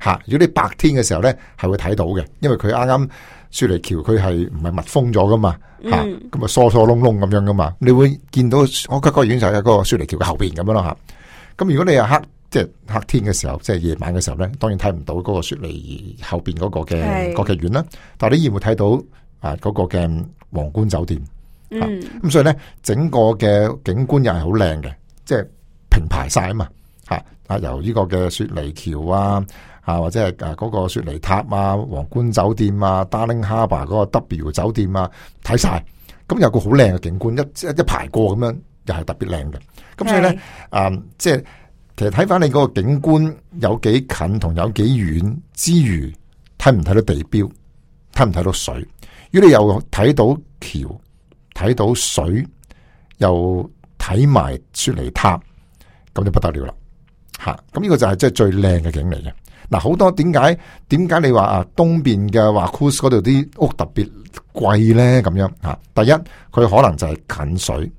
吓、啊。如果你白天嘅時候咧，係會睇到嘅，因為佢啱啱雪梨橋佢係唔係密封咗噶嘛吓，咁啊疏疏窿窿咁樣噶嘛，你會見到我歌劇院就喺嗰個雪梨橋嘅後邊咁樣啦吓。咁如果你係黑即係黑天嘅時候，即係夜晚嘅時候咧，當然睇唔到嗰個雪梨後邊嗰個嘅歌劇院啦。是但係你依然會睇到啊嗰個嘅皇冠酒店，嗯，咁、啊、所以咧整個嘅景觀又係好靚嘅。即係平排晒嘛，吓，啊，由呢個嘅雪梨橋啊，啊，啊，啊，啊或者係誒嗰個雪梨塔啊、皇冠酒店啊、啊、Darling Harbour 嗰個 W 酒店啊睇晒，咁有個好靚嘅景觀，一一排過咁樣又係特別靚嘅。咁所以咧，誒即係其實睇翻，你嗰個景觀有幾近同有幾遠之餘，睇唔睇到地標，睇唔睇到水，如果你又睇到橋，睇到水又。睇埋雪梨塔，咁就不得了啦。吓、啊，咁呢個就係即係最靚嘅景嚟嘅嗱。好多點解點解你話啊？說東邊嘅華庫斯嗰度啲屋特別貴咧？咁樣吓、啊，第一佢可能就係近水，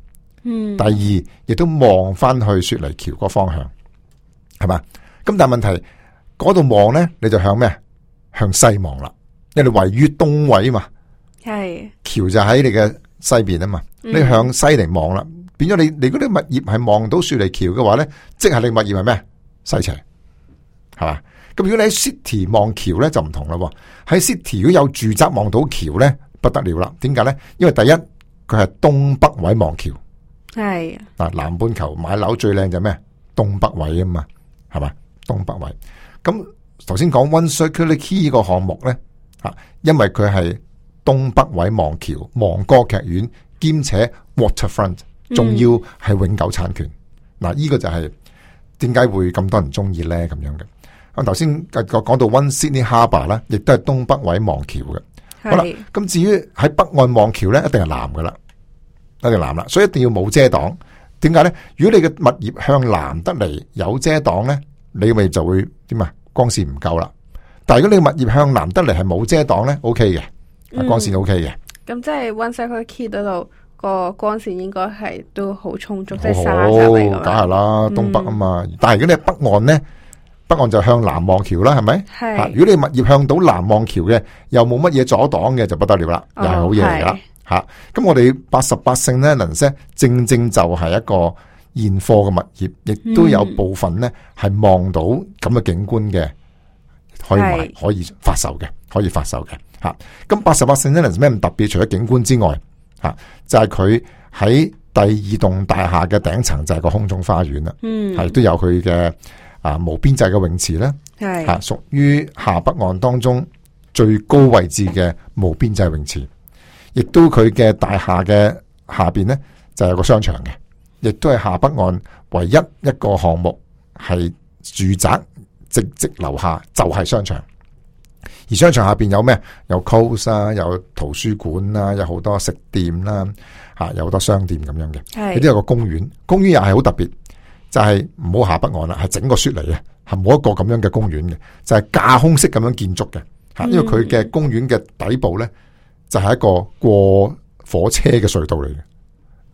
嗯，第二亦都望翻去雪梨橋嗰方向係嘛？咁但係問題，嗰度望咧，你就向咩向西望啦，因為你位於東位嘛，係橋是就喺你嘅西邊啊嘛，你向西嚟望啦。嗯嗯變咗你，你嗰啲物業係望到雪梨橋嘅話咧，即係你的物業係咩西斜係嘛？咁如果你喺 City 望橋咧就唔同啦。喺 City 如果有住宅望到橋咧不得了啦。點解咧？因為第一佢係東北位望橋係，嗱南半球買樓最靚就咩東北位啊嘛係嘛？東北位咁頭先講 One Circular Quay 個項目咧吓，因為佢係東北位望橋，望歌劇院，兼且 Waterfront。仲要係永久產權，嗱、嗯，依個就係點解會咁多人中意咧？咁樣嘅，我頭先講講到 One Sydney Harbour 啦，亦都係東北位望橋嘅。是好啦，咁至於喺北岸望橋咧，一定係南噶啦，一定南啦，所以一定要冇遮擋。點解咧？如果你嘅物業向南得嚟有遮擋咧，你咪就會點啊？光線唔夠啦。但係如果你嘅物業向南得嚟係冇遮擋咧，OK 嘅，嗯、光線 OK 嘅。咁、嗯、即係 One Circular Quay 度。個光線應該係都好充足，好好即係晒梗係啦，東北啊嘛。嗯、但係如果你喺北岸咧，北岸就向南望橋啦，係咪？係是。如果你物業向到南望橋嘅，又冇乜嘢阻擋嘅，就不得了啦，哦、又係好嘢嚟嘅啦。吓是，咁是我哋八十八聖咧，林升正正就係一個現貨嘅物業，亦、嗯、都有部分咧係望到咁嘅景觀嘅，可以賣是，可以發售嘅，可以發售嘅。吓，咁八十八聖咧，林升咩咁特別？除咗景觀之外。啊！就係佢喺第二棟大廈嘅頂層就係個空中花園啦，係都、嗯、有佢嘅啊無邊際嘅泳池咧，係屬於下北岸當中最高位置嘅無邊際泳池，亦都佢嘅大廈嘅下邊咧就係有個商場嘅，亦都係下北岸唯一一個項目係住宅直直樓下就係商場。而商場下面有咩？有 coles、啊、有圖書館啦、啊，有好多食店啦、啊啊，有好多商店咁樣嘅。係是，嗰啲有個公園，公園又係好特別，就係唔好下北岸啦，係整個雪梨嚟嘅，係冇一個咁樣嘅公園嘅，就係、是、架空式咁樣建築嘅，嚇、啊，因為佢嘅公園嘅底部咧就係、是、一個過火車嘅隧道嚟嘅，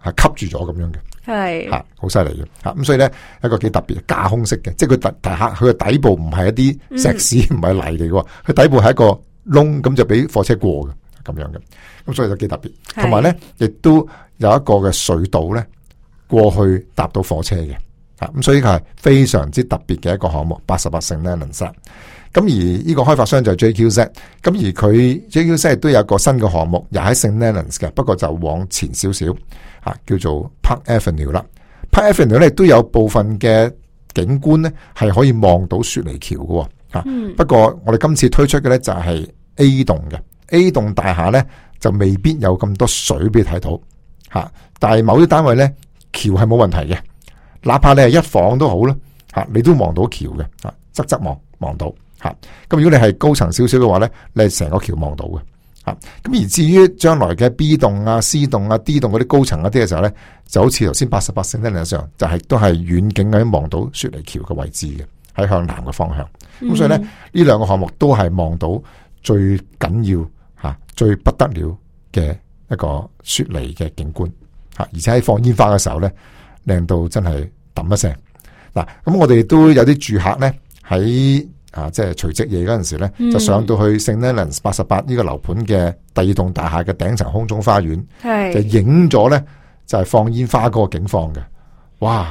係、啊、吸住咗咁樣嘅。係吓，好犀利嘅吓，咁所以咧一個幾特別架空式嘅，即係佢大大廈佢嘅底部唔係一啲石屎，唔係、嗯、泥嚟喎。佢底部係一個窿，咁就俾貨車過嘅，咁樣嘅，咁所以就幾特別，同埋咧亦都有一個嘅隧道咧過去搭到火車嘅吓，咁所以佢係非常之特別嘅一個項目，八十八 St Leonards，咁而呢個開發商就係 JQZ，咁而佢 JQZ 都有個新嘅項目，又喺 St Leonards 嘅，不過就往前少少。吓，叫做 Park Avenue 啦，Park Avenue 咧，都有部分嘅景觀咧，係可以望到雪梨橋嘅。吓、嗯，不過我哋今次推出嘅咧就係 A 棟嘅，A 棟大廈咧就未必有咁多水俾你睇到。吓，但係某啲單位咧，橋係冇問題嘅，哪怕你係一房都好啦，吓你都望到橋嘅。吓，側側望望到。吓，咁如果你係高層少少嘅話咧，你係成個橋望到嘅。咁而至於將來嘅 B 棟啊、C 棟啊、D 棟嗰啲高層嗰啲嘅時候呢，就好似頭先八十八聖德林上，就係、是、都係遠景喺望到雪梨橋嘅位置嘅，喺向南嘅方向。咁、嗯、所以呢，呢兩個項目都係望到最緊要吓、最不得了嘅一個雪梨嘅景觀吓，而且喺放煙花嘅時候呢，靚到真係揼一聲嗱！咁我哋都有啲住客呢喺。啊！即係除夕夜嗰陣時咧，嗯、就上到去 St Leonards 八十八呢個樓盤嘅第二棟大廈嘅頂層空中花園是，就影咗咧，就係放煙花嗰個景況嘅。哇！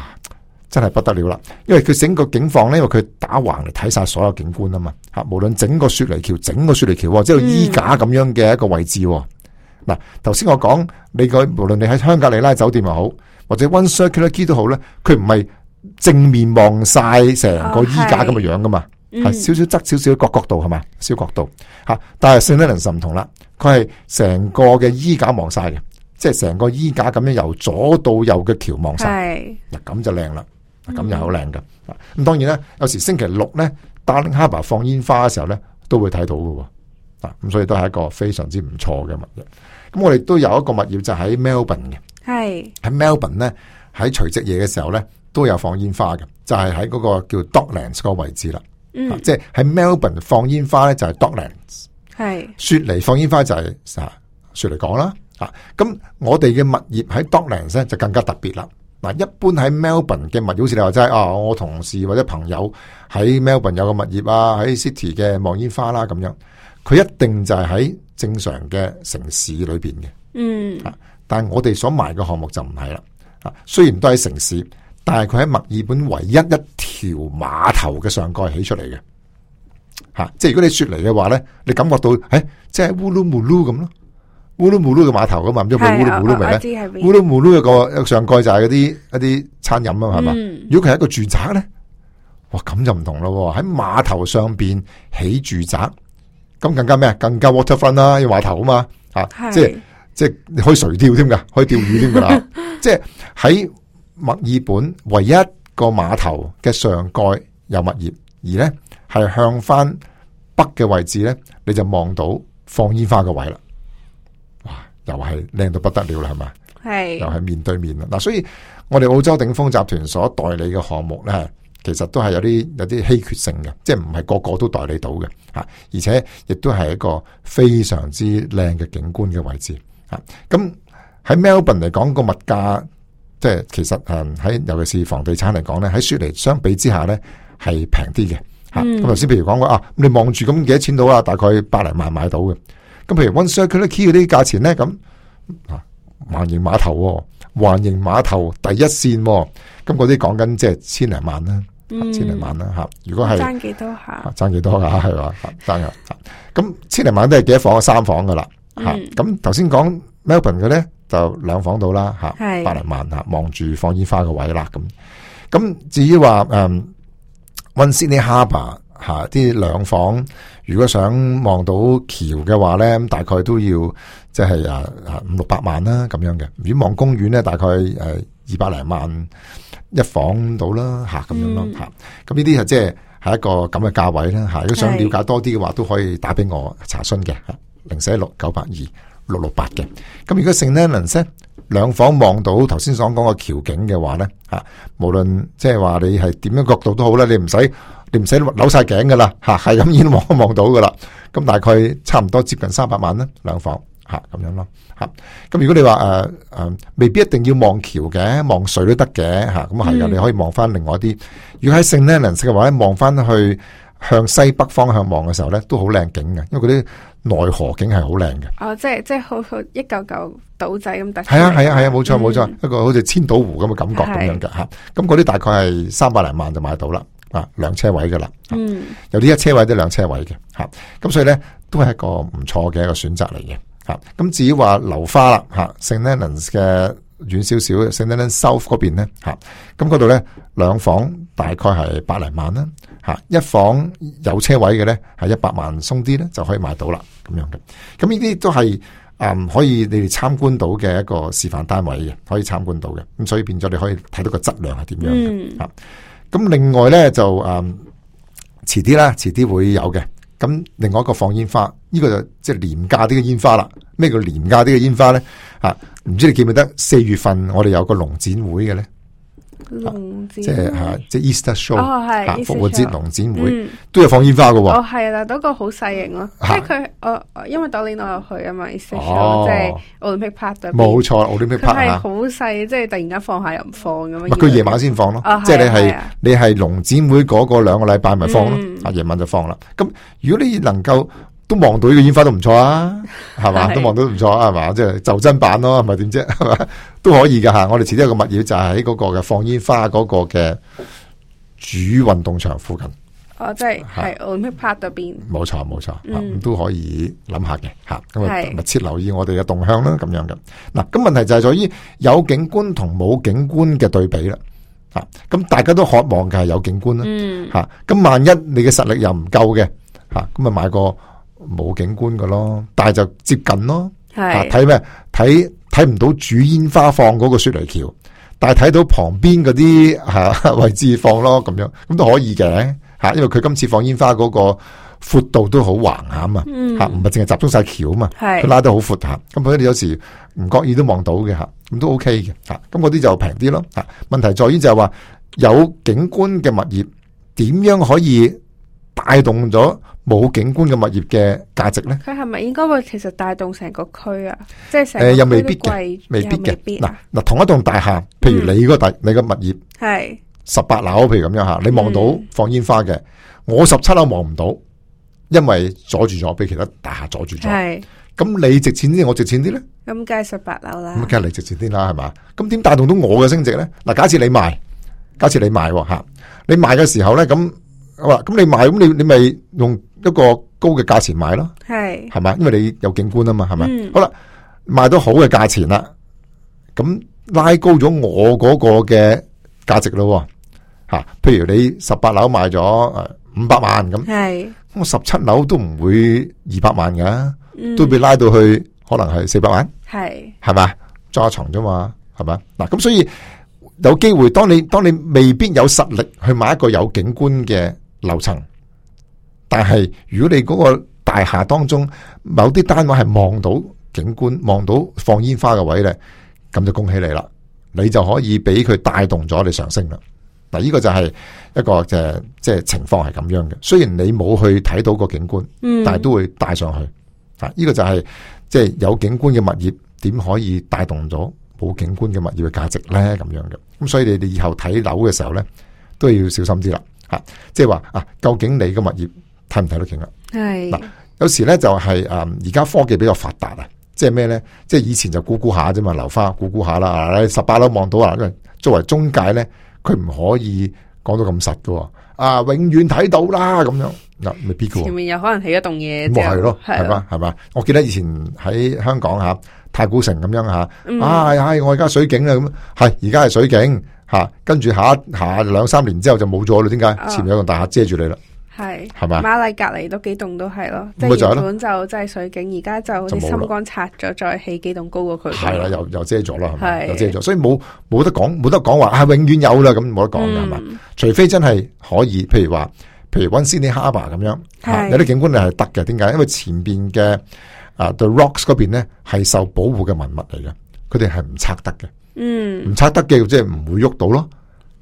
真係不得了啦，因為佢整個景況咧，因為佢打橫嚟睇晒所有景觀啊嘛。吓，無論整個雪梨橋、整個雪梨橋，即係依架咁樣嘅一個位置、哦。嗱、嗯，頭先、啊、我講你個無論你喺香格里拉酒店又好，或者 One Circular Quay 都好咧，佢唔係正面望晒成個依架咁嘅樣噶嘛。啊係少側少側少少個角度係嘛？小角度吓，啊，但係性能凌唔同啦，佢係成個嘅衣架望晒嘅，即係成個衣架咁樣由左到右嘅橋望晒，嗱咁是就靚啦，咁又好靚噶。咁，嗯啊，當然啦，有時星期六咧，Darling Harbour 放煙花嘅時候咧，都會睇到噶。啊，咁所以都係一個非常之唔錯嘅物業。咁我哋都有一個物業就喺，是，Melbourne 嘅，係喺 Melbourne 咧，喺除夕夜嘅時候咧都有放煙花嘅，就係喺嗰個叫 Docklands 個位置啦。嗯，即係喺 Melbourne 放煙花咧是，就係 Docklands；係雪梨放煙花就係、是啊、雪梨港啦。咁、啊、我哋嘅物業喺 Docklands 咧就更加特別啦。嗱、啊，一般喺 Melbourne 嘅物業，好似你話齋啊，我同事或者朋友喺 Melbourne 有個物業啊，喺 City 嘅望煙花啦咁樣，佢一定就係喺正常嘅城市裏邊嘅。嗯，啊、但係我哋所賣嘅項目就唔係啦。啊，雖然都喺城市。但係佢喺墨爾本唯一一條碼頭嘅上蓋起出嚟嘅，吓，即係如果你說嚟嘅話咧，你感覺到誒，即係烏嚕烏嚕咁咯，烏嚕烏嚕嘅碼頭噶嘛，唔知係咪烏嚕嚕嚟咧，烏嚕嚕個上蓋就係嗰啲一啲餐飲啊，係嘛？嗯、如果佢係一個住宅咧，哇咁就唔同咯喎，喺碼頭上邊起住宅，咁更加咩啊？更加 waterfront 啦，要碼頭啊嘛，吓是、啊，即係即係你可以垂釣添噶，可以釣魚添噶啦， 即係喺。墨爾本唯一,一個碼頭嘅上蓋有物業，而呢係向翻北嘅位置呢，你就望到放煙花嘅位啦。哇，又係靚到不得了啦，係咪？係是又係面對面啦。嗱、啊，所以我哋澳洲鼎豐集團所代理嘅項目呢，其實都係有啲有啲稀缺性嘅，即係唔係個個都代理到嘅吓、啊。而且亦都係一個非常之靚嘅景觀嘅位置啊。咁喺 Melbourne 嚟講、個物價。即係其實誒喺尤其是房地產嚟講咧，喺雪梨相比之下咧係平啲嘅吓。咁頭先譬如講過啊，你望住咁幾多錢到啊，大概百零萬買到嘅。咁譬如 One Circular Quay 嗰啲價錢咧咁啊，環形碼頭、哦，環形碼頭第一線，咁嗰啲講緊即係千零萬啦、啊，千零萬啦吓。如果係爭幾多下，爭幾多下？爭幾多下係嘛？爭啊！咁千零萬都係幾多房三房噶啦。吓咁頭先、嗯、講、啊、Melbourne 嘅咧就兩房到啦吓，啊、是百零萬吓，望、啊、住放煙花嘅位啦咁。咁、啊、至於話誒，One Sydney Harbour 吓，啲兩、啊、房如果想望到橋嘅話咧，大概都要即係、就是、啊啊五六百萬啦咁樣嘅。遠望公園咧，大概誒二百零萬一房到啦吓咁樣咯吓。咁呢啲係即係一個咁嘅價位啦吓、啊。如果想了解多啲嘅話，是都可以打俾我查詢嘅。零四一六九八二六六八嘅，咁如果聖天倫舍兩房望到頭先所講個橋景嘅話咧，吓，無論即係話你係點樣角度都好啦，你唔使，你唔使扭晒頸噶啦，吓係咁已經望望到噶啦，咁大概差唔多接近三百萬啦，兩房吓咁樣咯，吓咁如果你話誒誒，未必一定要望橋嘅，望水都得嘅吓，咁啊係啊，你可以望翻另外一啲，如果喺聖天倫舍嘅話咧，望翻去。向西北方向望嘅時候咧，都好靚景嘅，因為嗰啲內河景係好靚嘅。哦，即係即係好好一嚿嚿島仔咁突出。係啊係啊係啊，冇錯冇錯，一個好似千島湖咁嘅感覺咁是樣嘅吓。咁嗰啲大概係三百零萬就買到啦，啊兩車位噶啦。啊、嗯，有啲一車位，都兩車位嘅吓。咁、啊、所以咧都係一個唔錯嘅一個選擇嚟嘅吓。咁、啊、至於話樓花啦嚇，St Leonards 嘅遠少少，St Leonards South 嗰邊咧嚇，咁嗰度咧兩房。大概係百零萬啦，吓，一房有車位嘅呢，係一百萬鬆啲呢就可以買到啦，咁樣嘅。咁呢啲都係嗯可以你哋參觀到嘅一個示範單位嘅，可以參觀到嘅。咁所以變咗你可以睇到個質量係點樣嘅。吓、嗯，咁、啊、另外呢，就嗯遲啲啦，遲啲會有嘅。咁另外一個放煙花，呢、這個就即係廉價啲嘅煙花啦。咩叫廉價啲嘅煙花呢？吓、啊，唔知你記唔記得四月份我哋有個龍展會嘅呢。龍展，即係吓，即 Easter Show，復活節龍展會都有放煙花噶。哦，係啦，嗰個好細型咯，即係佢，我因為當年我有去啊嘛，Easter Show 即係奧林匹克度，冇錯，奧林匹克吓，好細，即係突然間放下又唔放咁樣。佢夜晚先放咯，即係你係你係龍展會嗰個兩個禮拜咪放咯，啊夜晚就放啦。咁如果你能夠。都望到呢個煙花都唔錯啊，係嘛？是的 都望到都唔錯啊，係嘛？即係就真版咯，係咪點啫？ 都可以噶吓，我哋遲啲有個物業就係喺嗰個嘅放煙花嗰個嘅主運動場附近。哦、oh, right. 啊，即係係 Olympic Park 度邊。冇錯，冇錯、mm. 啊，都可以諗下嘅吓。咁、啊、密切留意我哋嘅動向啦、啊，咁樣嘅。嗱、啊，咁問題就係在於有景觀同冇景觀嘅對比啦。吓、啊，咁大家都渴望嘅係有景觀啦。吓、啊，咁萬一你嘅實力又唔夠嘅，吓、啊，咁咪買個。冇景觀㗎咯，但係就接近咯，睇咩睇睇唔到主煙花放嗰個雪梨橋，但係睇到旁邊嗰啲吓位置放咯，咁樣咁都可以嘅吓、啊，因為佢今次放煙花嗰個闊度都好橫啊、嗯、啊嘛，吓唔係淨係集中晒橋嘛，係佢拉得好闊吓，咁所以有時唔覺意，都望到嘅吓，咁、啊、都 OK 嘅吓，咁嗰啲就平啲咯吓、啊。問題在於就係話有景觀嘅物業，點樣可以帶動咗？冇景觀嘅物業嘅價值咧，佢係咪應該會其實帶動成個區啊？即係成誒又未必嘅，貴未必嘅。嗱嗱，同一棟大廈，譬如你嗰個大，嗯、你個物業係十八樓，譬如咁樣吓，你望到放煙花嘅，嗯、我十七樓望唔到，因為阻住咗，俾其他大廈阻住咗。係咁是，你值錢啲，我值錢啲咧？咁梗係十八樓啦，咁梗係你值錢啲啦，係嘛？咁點帶動到我嘅升值咧？嗱，假設你賣，假設你賣吓、啊，你賣嘅時候咧，咁。話咁你買，咁你你咪用一個高嘅價錢買咯，係係咪？因為你有景觀啊嘛，係咪？嗯、好啦，賣到好嘅價錢啦，咁拉高咗我嗰個嘅價值咯，吓、啊，譬如你十八樓賣咗五百萬咁，係咁我十七樓都唔會二百萬嘅，嗯、都被拉到去可能係四百萬，係係咪？揸床啫嘛，係咪？嗱，咁所以有機會，當你當你未必有實力去買一個有景觀嘅。樓層，但係如果你嗰個大廈當中某啲單位係望到景觀，望到放煙花嘅位呢，咁就恭喜你啦！你就可以俾佢帶動咗你上升啦。嗱，呢個就係一個即係、即係、情況係咁樣嘅。雖然你冇去睇到個景觀，但係都會帶上去。嗯、啊，呢、呢個就係即係有景觀嘅物業點可以帶動咗冇景觀嘅物業嘅價值呢？咁樣嘅咁，所以你哋以後睇樓嘅時候呢，都要小心啲啦。即係話啊，究竟你嘅物業睇唔睇得景是啊？係嗱，有時咧就係、是、誒，而家科技比較發達啊，即係咩咧？即係以前就估估下啫嘛，樓花估估下啦，十八樓望到啊。因為作為中介咧，佢唔可以講到咁實噶，啊，永遠睇到啦咁樣嗱、啊，未必噶、啊。前面有可能起一棟嘢。咪係咯，係嘛，係嘛。我記得以前喺香港吓、啊，太古城咁樣吓，啊，唉、嗯哎哎，我而家水景啦，咁係，而家係水景。吓，跟住、啊、下一下兩三年之後就冇咗啦，點解？前面有棟大廈遮住你啦，係係嘛？馬吧麗隔籬都幾棟都係咯，即係日本就真係水景，而家就，就，就好似心肝拆咗，再起幾棟高過佢，係啦，又又遮咗啦，係是又遮咗，所以冇冇得講，冇得講話，係、啊、永遠有啦，咁冇得講噶嘛？除非真係可以，譬如話，譬如 Sydney Harbour 咁樣，的啊、有啲景觀你係得嘅，點解？因為前邊嘅啊 The Rocks 嗰邊咧係受保護嘅文物嚟嘅，佢哋係唔拆得嘅。嗯，唔拆得嘅即係唔會喐到咯，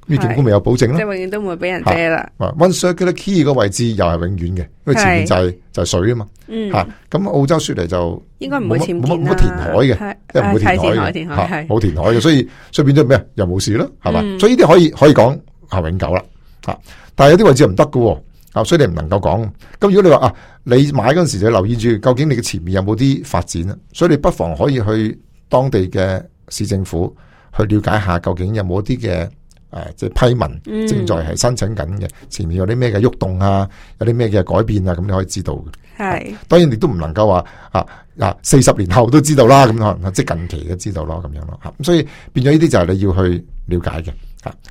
呢點估咪有保證咯，即永遠都唔會俾人遮啦。啊，Circular Quay 個位置又係永遠嘅，因為前面就係就係水啊嘛，吓，咁澳洲雪梨就應該唔會填填海嘅，即係唔會填海，吓，冇填海嘅，所以所以變咗咩？又冇事咯，係嘛？所以呢啲可以可以講係永久啦，吓。但係有啲位置唔得嘅，啊，所以你唔能夠講。咁如果你話啊，你買嗰陣時就留意住，究竟你嘅前面有冇啲發展啊？所以你不妨可以去當地嘅。市政府去了解下究竟有冇啲嘅誒，即係批文正在係申請緊嘅，前面有啲咩嘅喐動啊，有啲咩嘅改變啊，咁你可以知道嘅。係，當然你都唔能夠話啊啊，四十年後都知道啦，咁可能即係近期都知道咯，咁樣咯。咁所以變咗呢啲就係你要去了解嘅。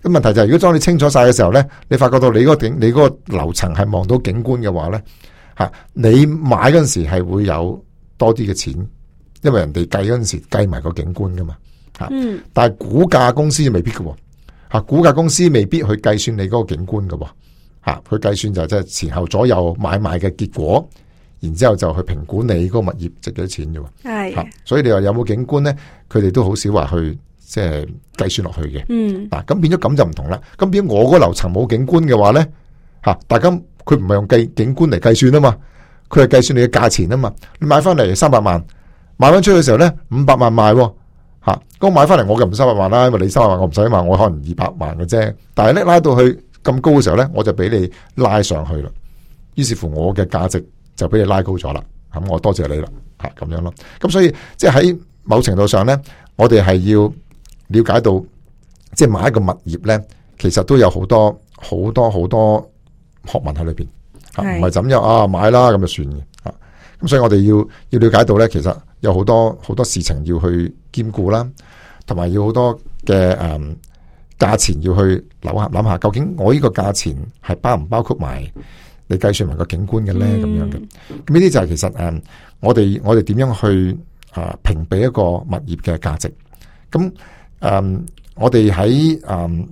咁問題就係如果當你清楚晒嘅時候咧，你發覺到你嗰景，你個樓層係望到景觀嘅話咧，吓你買嗰陣時係會有多啲嘅錢，因為人哋計嗰陣時計埋個景觀噶嘛。嗯，但係股價公司就未必嘅，吓股價公司未必去計算你嗰個景觀嘅，吓佢計算就即係前後左右買賣嘅結果，然之後就去評估你嗰個物業值幾多錢啫。係，所以你話有冇景觀咧？佢哋都好少話去即係計算落去嘅。嗯，嗱咁變咗咁就唔同啦。咁變咗我嗰樓層冇景觀嘅話咧，吓大家佢唔係用計景觀嚟計算啊嘛，佢係計算你嘅價錢啊嘛。你買翻嚟三百萬，買翻出去嘅時候咧五百萬賣啊。吓，買我買翻嚟我嘅唔三百萬啦，因為你三百萬，我唔使買，我可能二百萬嘅啫。但係咧拉到去咁高嘅時候咧，我就俾你拉上去啦。於是乎，我嘅價值就俾你拉高咗啦。咁我多謝你啦，吓咁樣咯。咁所以即係喺某程度上咧，我哋係要了解到，即係買一個物業咧，其實都有好多好多好多學問喺裏邊，唔係咁樣啊買啦咁就算嘅。咁所以我哋要要了解到咧，其實有好多好多事情要去兼顧啦，同埋要好多嘅誒價錢要去諗下諗下，下究竟我呢個價錢係包唔包括埋你計算埋個景觀嘅咧？咁、嗯、樣嘅，咁呢啲就係其實誒、嗯，我哋我哋點樣去啊評比一個物業嘅價值？咁誒、嗯，我哋喺誒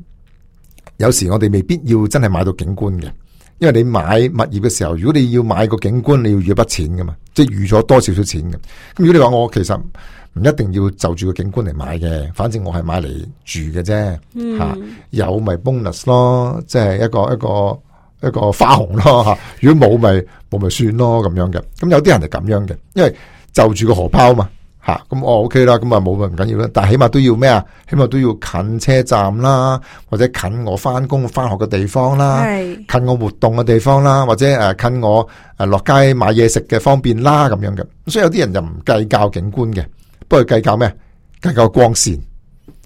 有時我哋未必要真係買到景觀嘅。因為你買物業嘅時候，如果你要買個景觀，你要預筆錢噶嘛，即係預咗多少少錢嘅。咁如果你話我其實唔一定要就住個景觀嚟買嘅，反正我係買嚟住嘅啫。吓、嗯啊、有咪 bonus 咯，即係一個一個一個花紅咯。啊、如果冇咪冇咪算咯，咁樣嘅。咁有啲人係咁樣嘅，因為就住個荷包嘛。啊，咁、嗯、我、哦、OK 啦，咁啊冇咪唔緊要啦，但係起碼都要咩啊？起碼都要近車站啦，或者近我翻工翻學嘅地方啦，的近我活動嘅地方啦，或者誒、啊、近我誒落、啊、街買嘢食嘅方便啦，咁樣嘅。所以有啲人就唔計較景觀嘅，不過計較咩？計較光線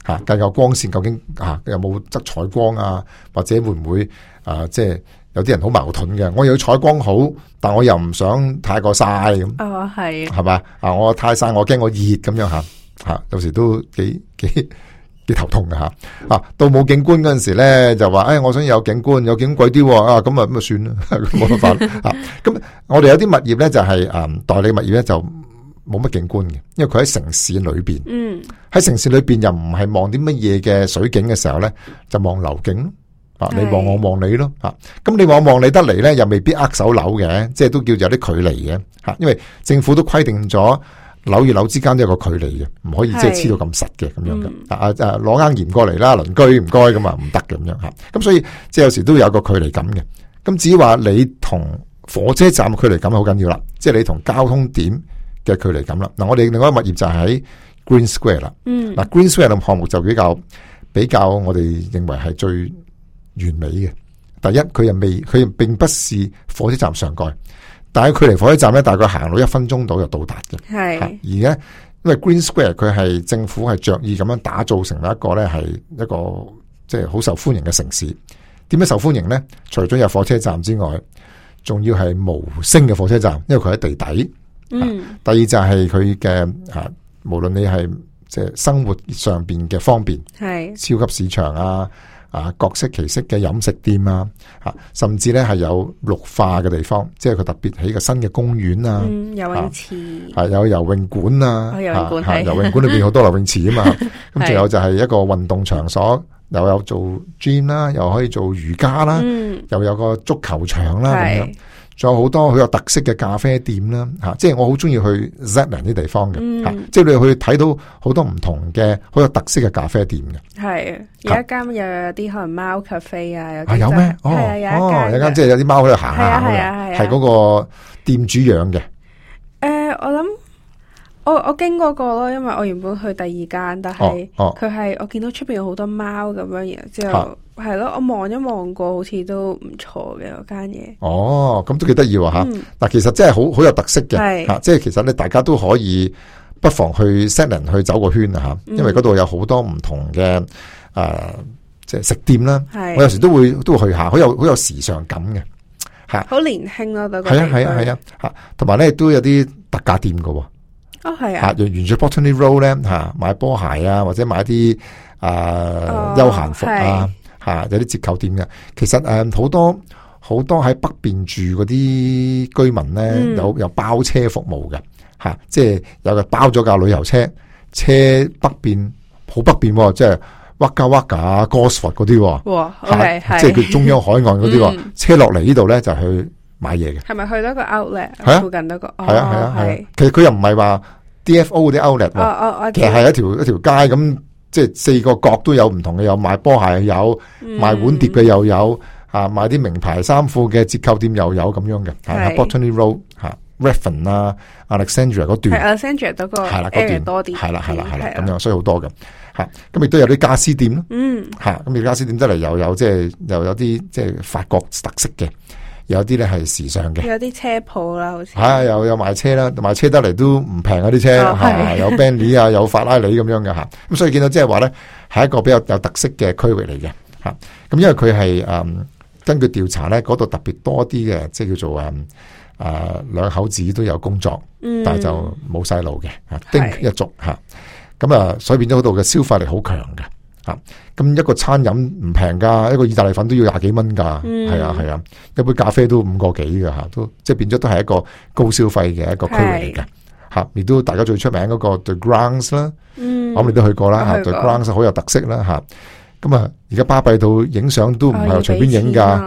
吓，計、啊、較光線究竟啊，啊有冇側採光啊，或者會唔會啊，啊即係？有啲人好矛盾嘅，我又要採光好，但我又唔想太過曬咁。哦，係，係嘛啊！我太曬，我驚我熱咁樣吓吓，有、啊、時都幾幾幾頭痛嘅吓啊！到冇景觀嗰陣時咧，就話誒、哎，我想有景觀，有景觀貴啲啊，咁啊咁啊算啦，冇辦法 啊！咁我哋有啲物業咧就係、是、誒、呃、代理物業咧就冇乜景觀嘅，因為佢喺城市裏邊，嗯，喺城市裏邊又唔係望啲乜嘢嘅水景嘅時候咧，就望樓景。你望我望你咯，吓咁，你望望你得嚟咧，又未必握手樓嘅，即係都叫有啲距離嘅吓，因為政府都規定咗樓與樓之間都有個距離嘅，唔可以即係黐到咁實嘅咁樣嘅。啊啊，攞啱鹽過嚟啦，鄰居唔該咁啊，唔得嘅咁樣吓。咁所以即係有時都有個距離感嘅。咁至於話你同火車站嘅距離感好緊要啦，即係你同交通點嘅距離感啦。嗱，我哋另外一個物業就喺 Green Square 啦，嗯，嗱 Green Square 個項目就比較比較我哋認為係最。完美嘅，第一佢又未，佢又並不是火車站上蓋，但係佢離火車站咧大概行路一分鐘到就到達嘅。係是而咧，因為 Green Square 佢係政府係着意咁樣打造成為一個咧係一個即係好受歡迎嘅城市。點樣受歡迎呢？除咗有火車站之外，仲要係無聲嘅火車站，因為佢喺地底。嗯。第二就係佢嘅，啊，無論你係即係生活上邊嘅方便，係是超級市場啊。啊，各式其式嘅飲食店啊，甚至呢係有綠化嘅地方，即係佢特別起個新嘅公園啊，游泳池，有游泳館啊、哦，游泳館係、啊、是游泳館裏面好多游泳池啊嘛，咁仲 有就係一個運動場所， 又有做 gym 啦，又可以做瑜伽啦，嗯、又有個足球場啦咁是仲有好多好有特色嘅咖啡店啦，吓、啊，即係我好中意去 Zeland 啲地方嘅，吓、嗯啊，即係你去睇到好多唔同嘅好有特色嘅咖啡店嘅。係，有一間又有啲可能貓咖啡啊，有咩、就是啊？哦，啊、一哦，有間即係有啲貓喺度行行下嘅，係嗰、啊啊啊、個店主養嘅。誒、呃，我諗我我經過過咯，因為我原本去第二間，但係佢係我見到出邊有好多貓咁樣嘢，然之後。啊。係咯，我望一望過，好似都唔錯嘅嗰間嘢。那間哦，咁都幾得意啊吓！嗱、嗯，其實真係好好有特色嘅吓是、啊，即係其實咧，大家都可以不妨去 Zetland 去走個圈啊吓，因為嗰度有好多唔同嘅誒，即、呃、係、就是、食店啦。係是我有時候都會都會去下，好有好有時尚感嘅吓，好、啊、年輕咯都係啊係啊係啊吓，同埋咧都有啲特價店嘅。哦係啊，沿住 Botany Road 咧吓，買波鞋啊，或者買啲誒、啊哦、休閒服啊。吓，有啲折扣店嘅，其實誒好、嗯、多好多喺北邊住嗰啲居民咧，嗯、有有包車服務嘅，吓，即係有個包咗架旅遊車，車北邊好北邊，即係 Wagga Wagga Gosford 嗰啲，吓，即係叫中央海岸嗰啲， 嗯、車落嚟呢度咧就去買嘢嘅，係咪去到一個 Outlet？係啊，附近個，係啊係、oh, okay. 啊係、啊。其實佢又唔係話 D F O 啲 Outlet，oh, okay. 其實係一條一條街咁。即係四個角都有唔同嘅，有賣波鞋有，賣碗碟嘅又有，嚇賣啲名牌衫褲嘅折扣店又有咁樣嘅，係 Botany Road 嚇 Raven Alexandria 嗰段係 Alexandria 嗰啦，段多啲係啦係啦係啦咁樣，所以好多嘅，嚇，咁亦都有啲家私店咯，嚇，咁啲傢俬店得嚟又有即係又有啲即係法國特色嘅。有啲咧係時尚嘅，有啲車鋪啦，好似吓，有又賣車啦，賣車得嚟都唔平嗰啲車，有 Bentley 啊，有法拉利咁樣嘅吓，咁、嗯、所以見到即係話咧，係一個比較有特色嘅區域嚟嘅吓，咁、嗯嗯嗯、因為佢係誒根據調查咧，嗰度特別多啲嘅，即係叫做誒兩口子都有工作，但係就冇細路嘅，丁一族吓，咁啊是、嗯，所以變咗嗰度嘅消費力好強嘅。咁、啊、一個餐飲唔平噶，一個意大利粉都要廿幾蚊噶，係、嗯、啊係啊，一杯咖啡都五個幾噶吓，都即係變咗都係一個高消費嘅一個區域嚟嘅，吓亦是、啊、都大家最出名嗰個 The Grounds 啦，嗯，我哋都去過啦吓，The Grounds 好有特色啦吓。啊咁啊！而家巴閉到影相都唔係隨便影噶，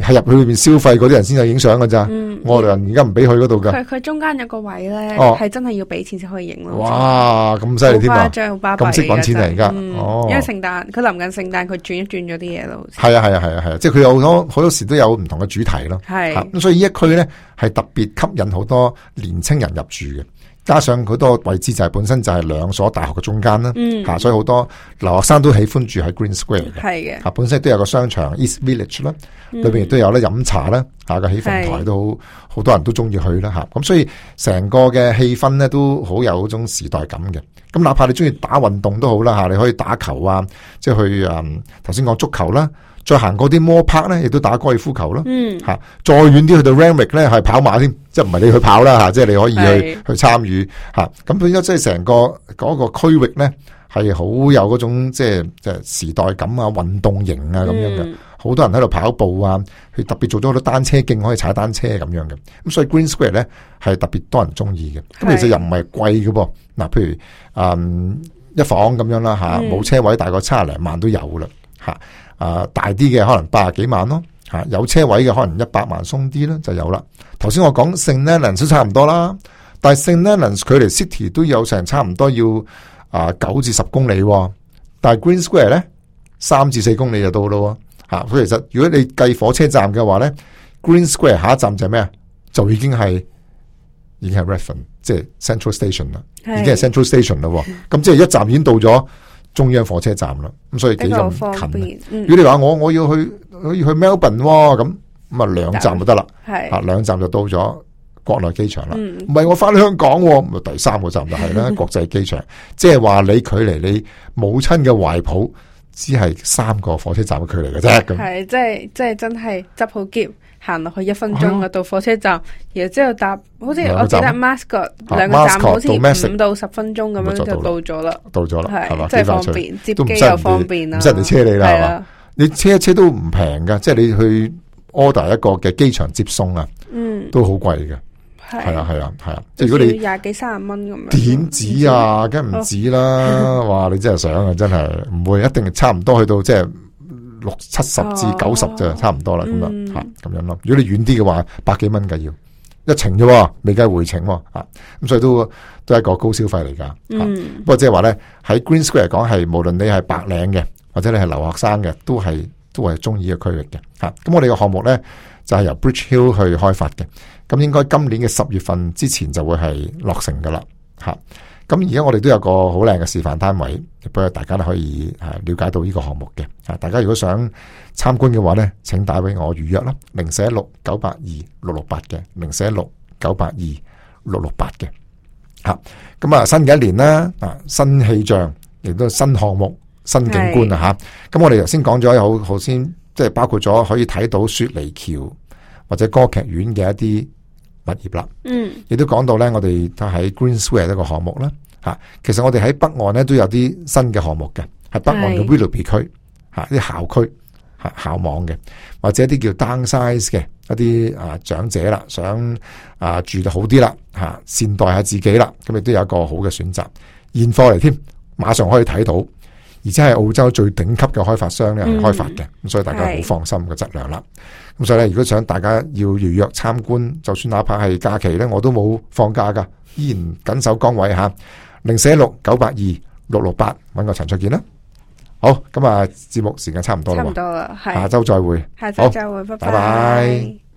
係入去裏邊消費嗰啲人先有影相噶咋。我哋人而家唔俾去嗰度噶。佢佢中間有個位咧，係真係要俾錢先可以影咯。哇！咁犀利添啊！巴閉，咁識搵錢嚟而家。嗯、因為聖誕，佢臨近聖誕，佢轉一轉咗啲嘢咯。係啊係啊係啊係啊，即係佢有好多好多時都有唔同嘅主題咯。係咁是、啊，所以一區呢一區咧係特別吸引好多年青人入住嘅。加上好多位置就係本身就係兩所大學嘅中間啦，嗯啊、所以好多留學生都喜歡住喺 Green Square 嘅的、啊，本身都有個商場 East Village 啦，裏邊亦都有咧飲茶啦，嚇、啊、個起鳳台都好是多人都中意去啦，咁、啊、所以成個嘅氣氛咧都好有種時代感嘅。咁哪怕你中意打運動都好啦、啊，你可以打球啊，即、就、係、是、去誒，頭先講足球啦。再行過啲摩拍咧，亦都打高爾夫球啦，嗯，吓再遠啲去到 Randwick 咧，係跑馬添，即係唔係你去跑啦吓、啊，即係你可以去是去參與吓。咁佢而家即係成個嗰個區域咧，係好有嗰種即係即係時代感啊，運動型啊咁樣嘅。好、嗯、多人喺度跑步啊，去特別做咗好多單車徑可以踩單車咁樣嘅。咁所以 Green Square 咧係特別多人中意嘅。咁是其實又唔係貴㗎噃。嗱、啊，譬如、嗯、一房咁樣啦吓，冇、啊嗯、車位大概七十零萬都有啦吓。啊啊，大啲嘅可能八十幾萬咯，啊啊，有車位嘅可能鬆一百萬鬆啲咧就有啦。頭先我講 St Leonards 都差唔多啦，但係 St Leonards 佢離 city 都有成差唔多要啊九至十公里，啊，但係 Green Square 咧三至四公里就到咯，啊，嚇，啊。佢其實如果你計火車站嘅話咧，Green Square 下一站就係咩啊？就已經係已經係 Redfern 即係 Central Station 啦，已經係 Central Station 咯。咁即係一站已經到咗。中央火車站啦，咁所以幾咁近。嗯、如果你話我我要去我要去 Melbourne 咁、哦、咁啊兩站就得啦，嗯、啊兩站就到咗國內機場啦。唔係、嗯、我翻去香港，咪第三個站就係啦，國際機場。即係話你距離你母親嘅懷抱，只係三個火車站嘅距離嘅啫。咁係即係即係真係執好結。行落去一分鐘啊，到火車站，然後之後搭，好似我記得 Mascot 兩個站好似五到十分鐘咁樣就到咗啦，到咗啦，係嘛？即係方便，接機又方便啦，唔使人你車你啦，係嘛？你車一車都唔平噶，即係你去 order 一個嘅機場接送啊，嗯，都好貴嘅，係啊，係啊，係啊，即係如果你廿幾三十蚊咁，點止啊？梗係唔止啦！哇，你真係想啊，真係唔會一定差唔多去到即係。六七十至九十就差唔多啦，咁、啊嗯、樣吓，咁樣咯。如果你遠啲嘅話，百幾蚊嘅要一程啫，未計回程喎，吓、啊、咁所以都都係一個高消費嚟噶。啊嗯、不過即係話咧，喺 Green Square 嚟講，係無論你係白領嘅，或者你係留學生嘅，都係都係中意嘅區域嘅。吓、啊，咁我哋嘅項目咧就係、是、由 Bridge Hill 去開發嘅，咁應該今年嘅十月份之前就會係落成噶啦，吓、啊。咁而家我哋都有個好靚嘅示範單位，不過大家都可以了解到呢個項目嘅。大家如果想參觀嘅話呢，請打俾我預約啦，零四一六九八二六六八嘅，零四一六九八二六六八嘅。吓，咁啊新嘅一年啦，啊新氣象，亦都新項目、新景觀啊吓。咁是我哋頭先講咗有好先，即係包括咗可以睇到雪梨橋或者歌劇院嘅一啲。物業啦，嗯，亦都講到咧，我哋睇喺 Green Square 一個項目啦，吓，其實我哋喺北岸咧都有啲新嘅項目嘅，喺北岸嘅 Willoughby 區，吓的，啲校區吓校網嘅，或者啲叫 Downsize 嘅一啲啊長者啦，想啊住得好啲啦，吓善待下自己啦，咁亦都有一個好嘅選擇，現貨嚟添，馬上可以睇到，而且係澳洲最頂級嘅開發商咧開發嘅，咁所以大家好放心嘅質量啦。咁所以咧，如果想大家要預約參觀，就算哪怕係假期咧，我都冇放假噶，依然緊守崗位吓。零四一六九八二六六八，揾個陳焯楗啦。好，咁啊，節目時間差唔多啦，差唔多啦，下周再會，下周再會，好拜拜。拜拜。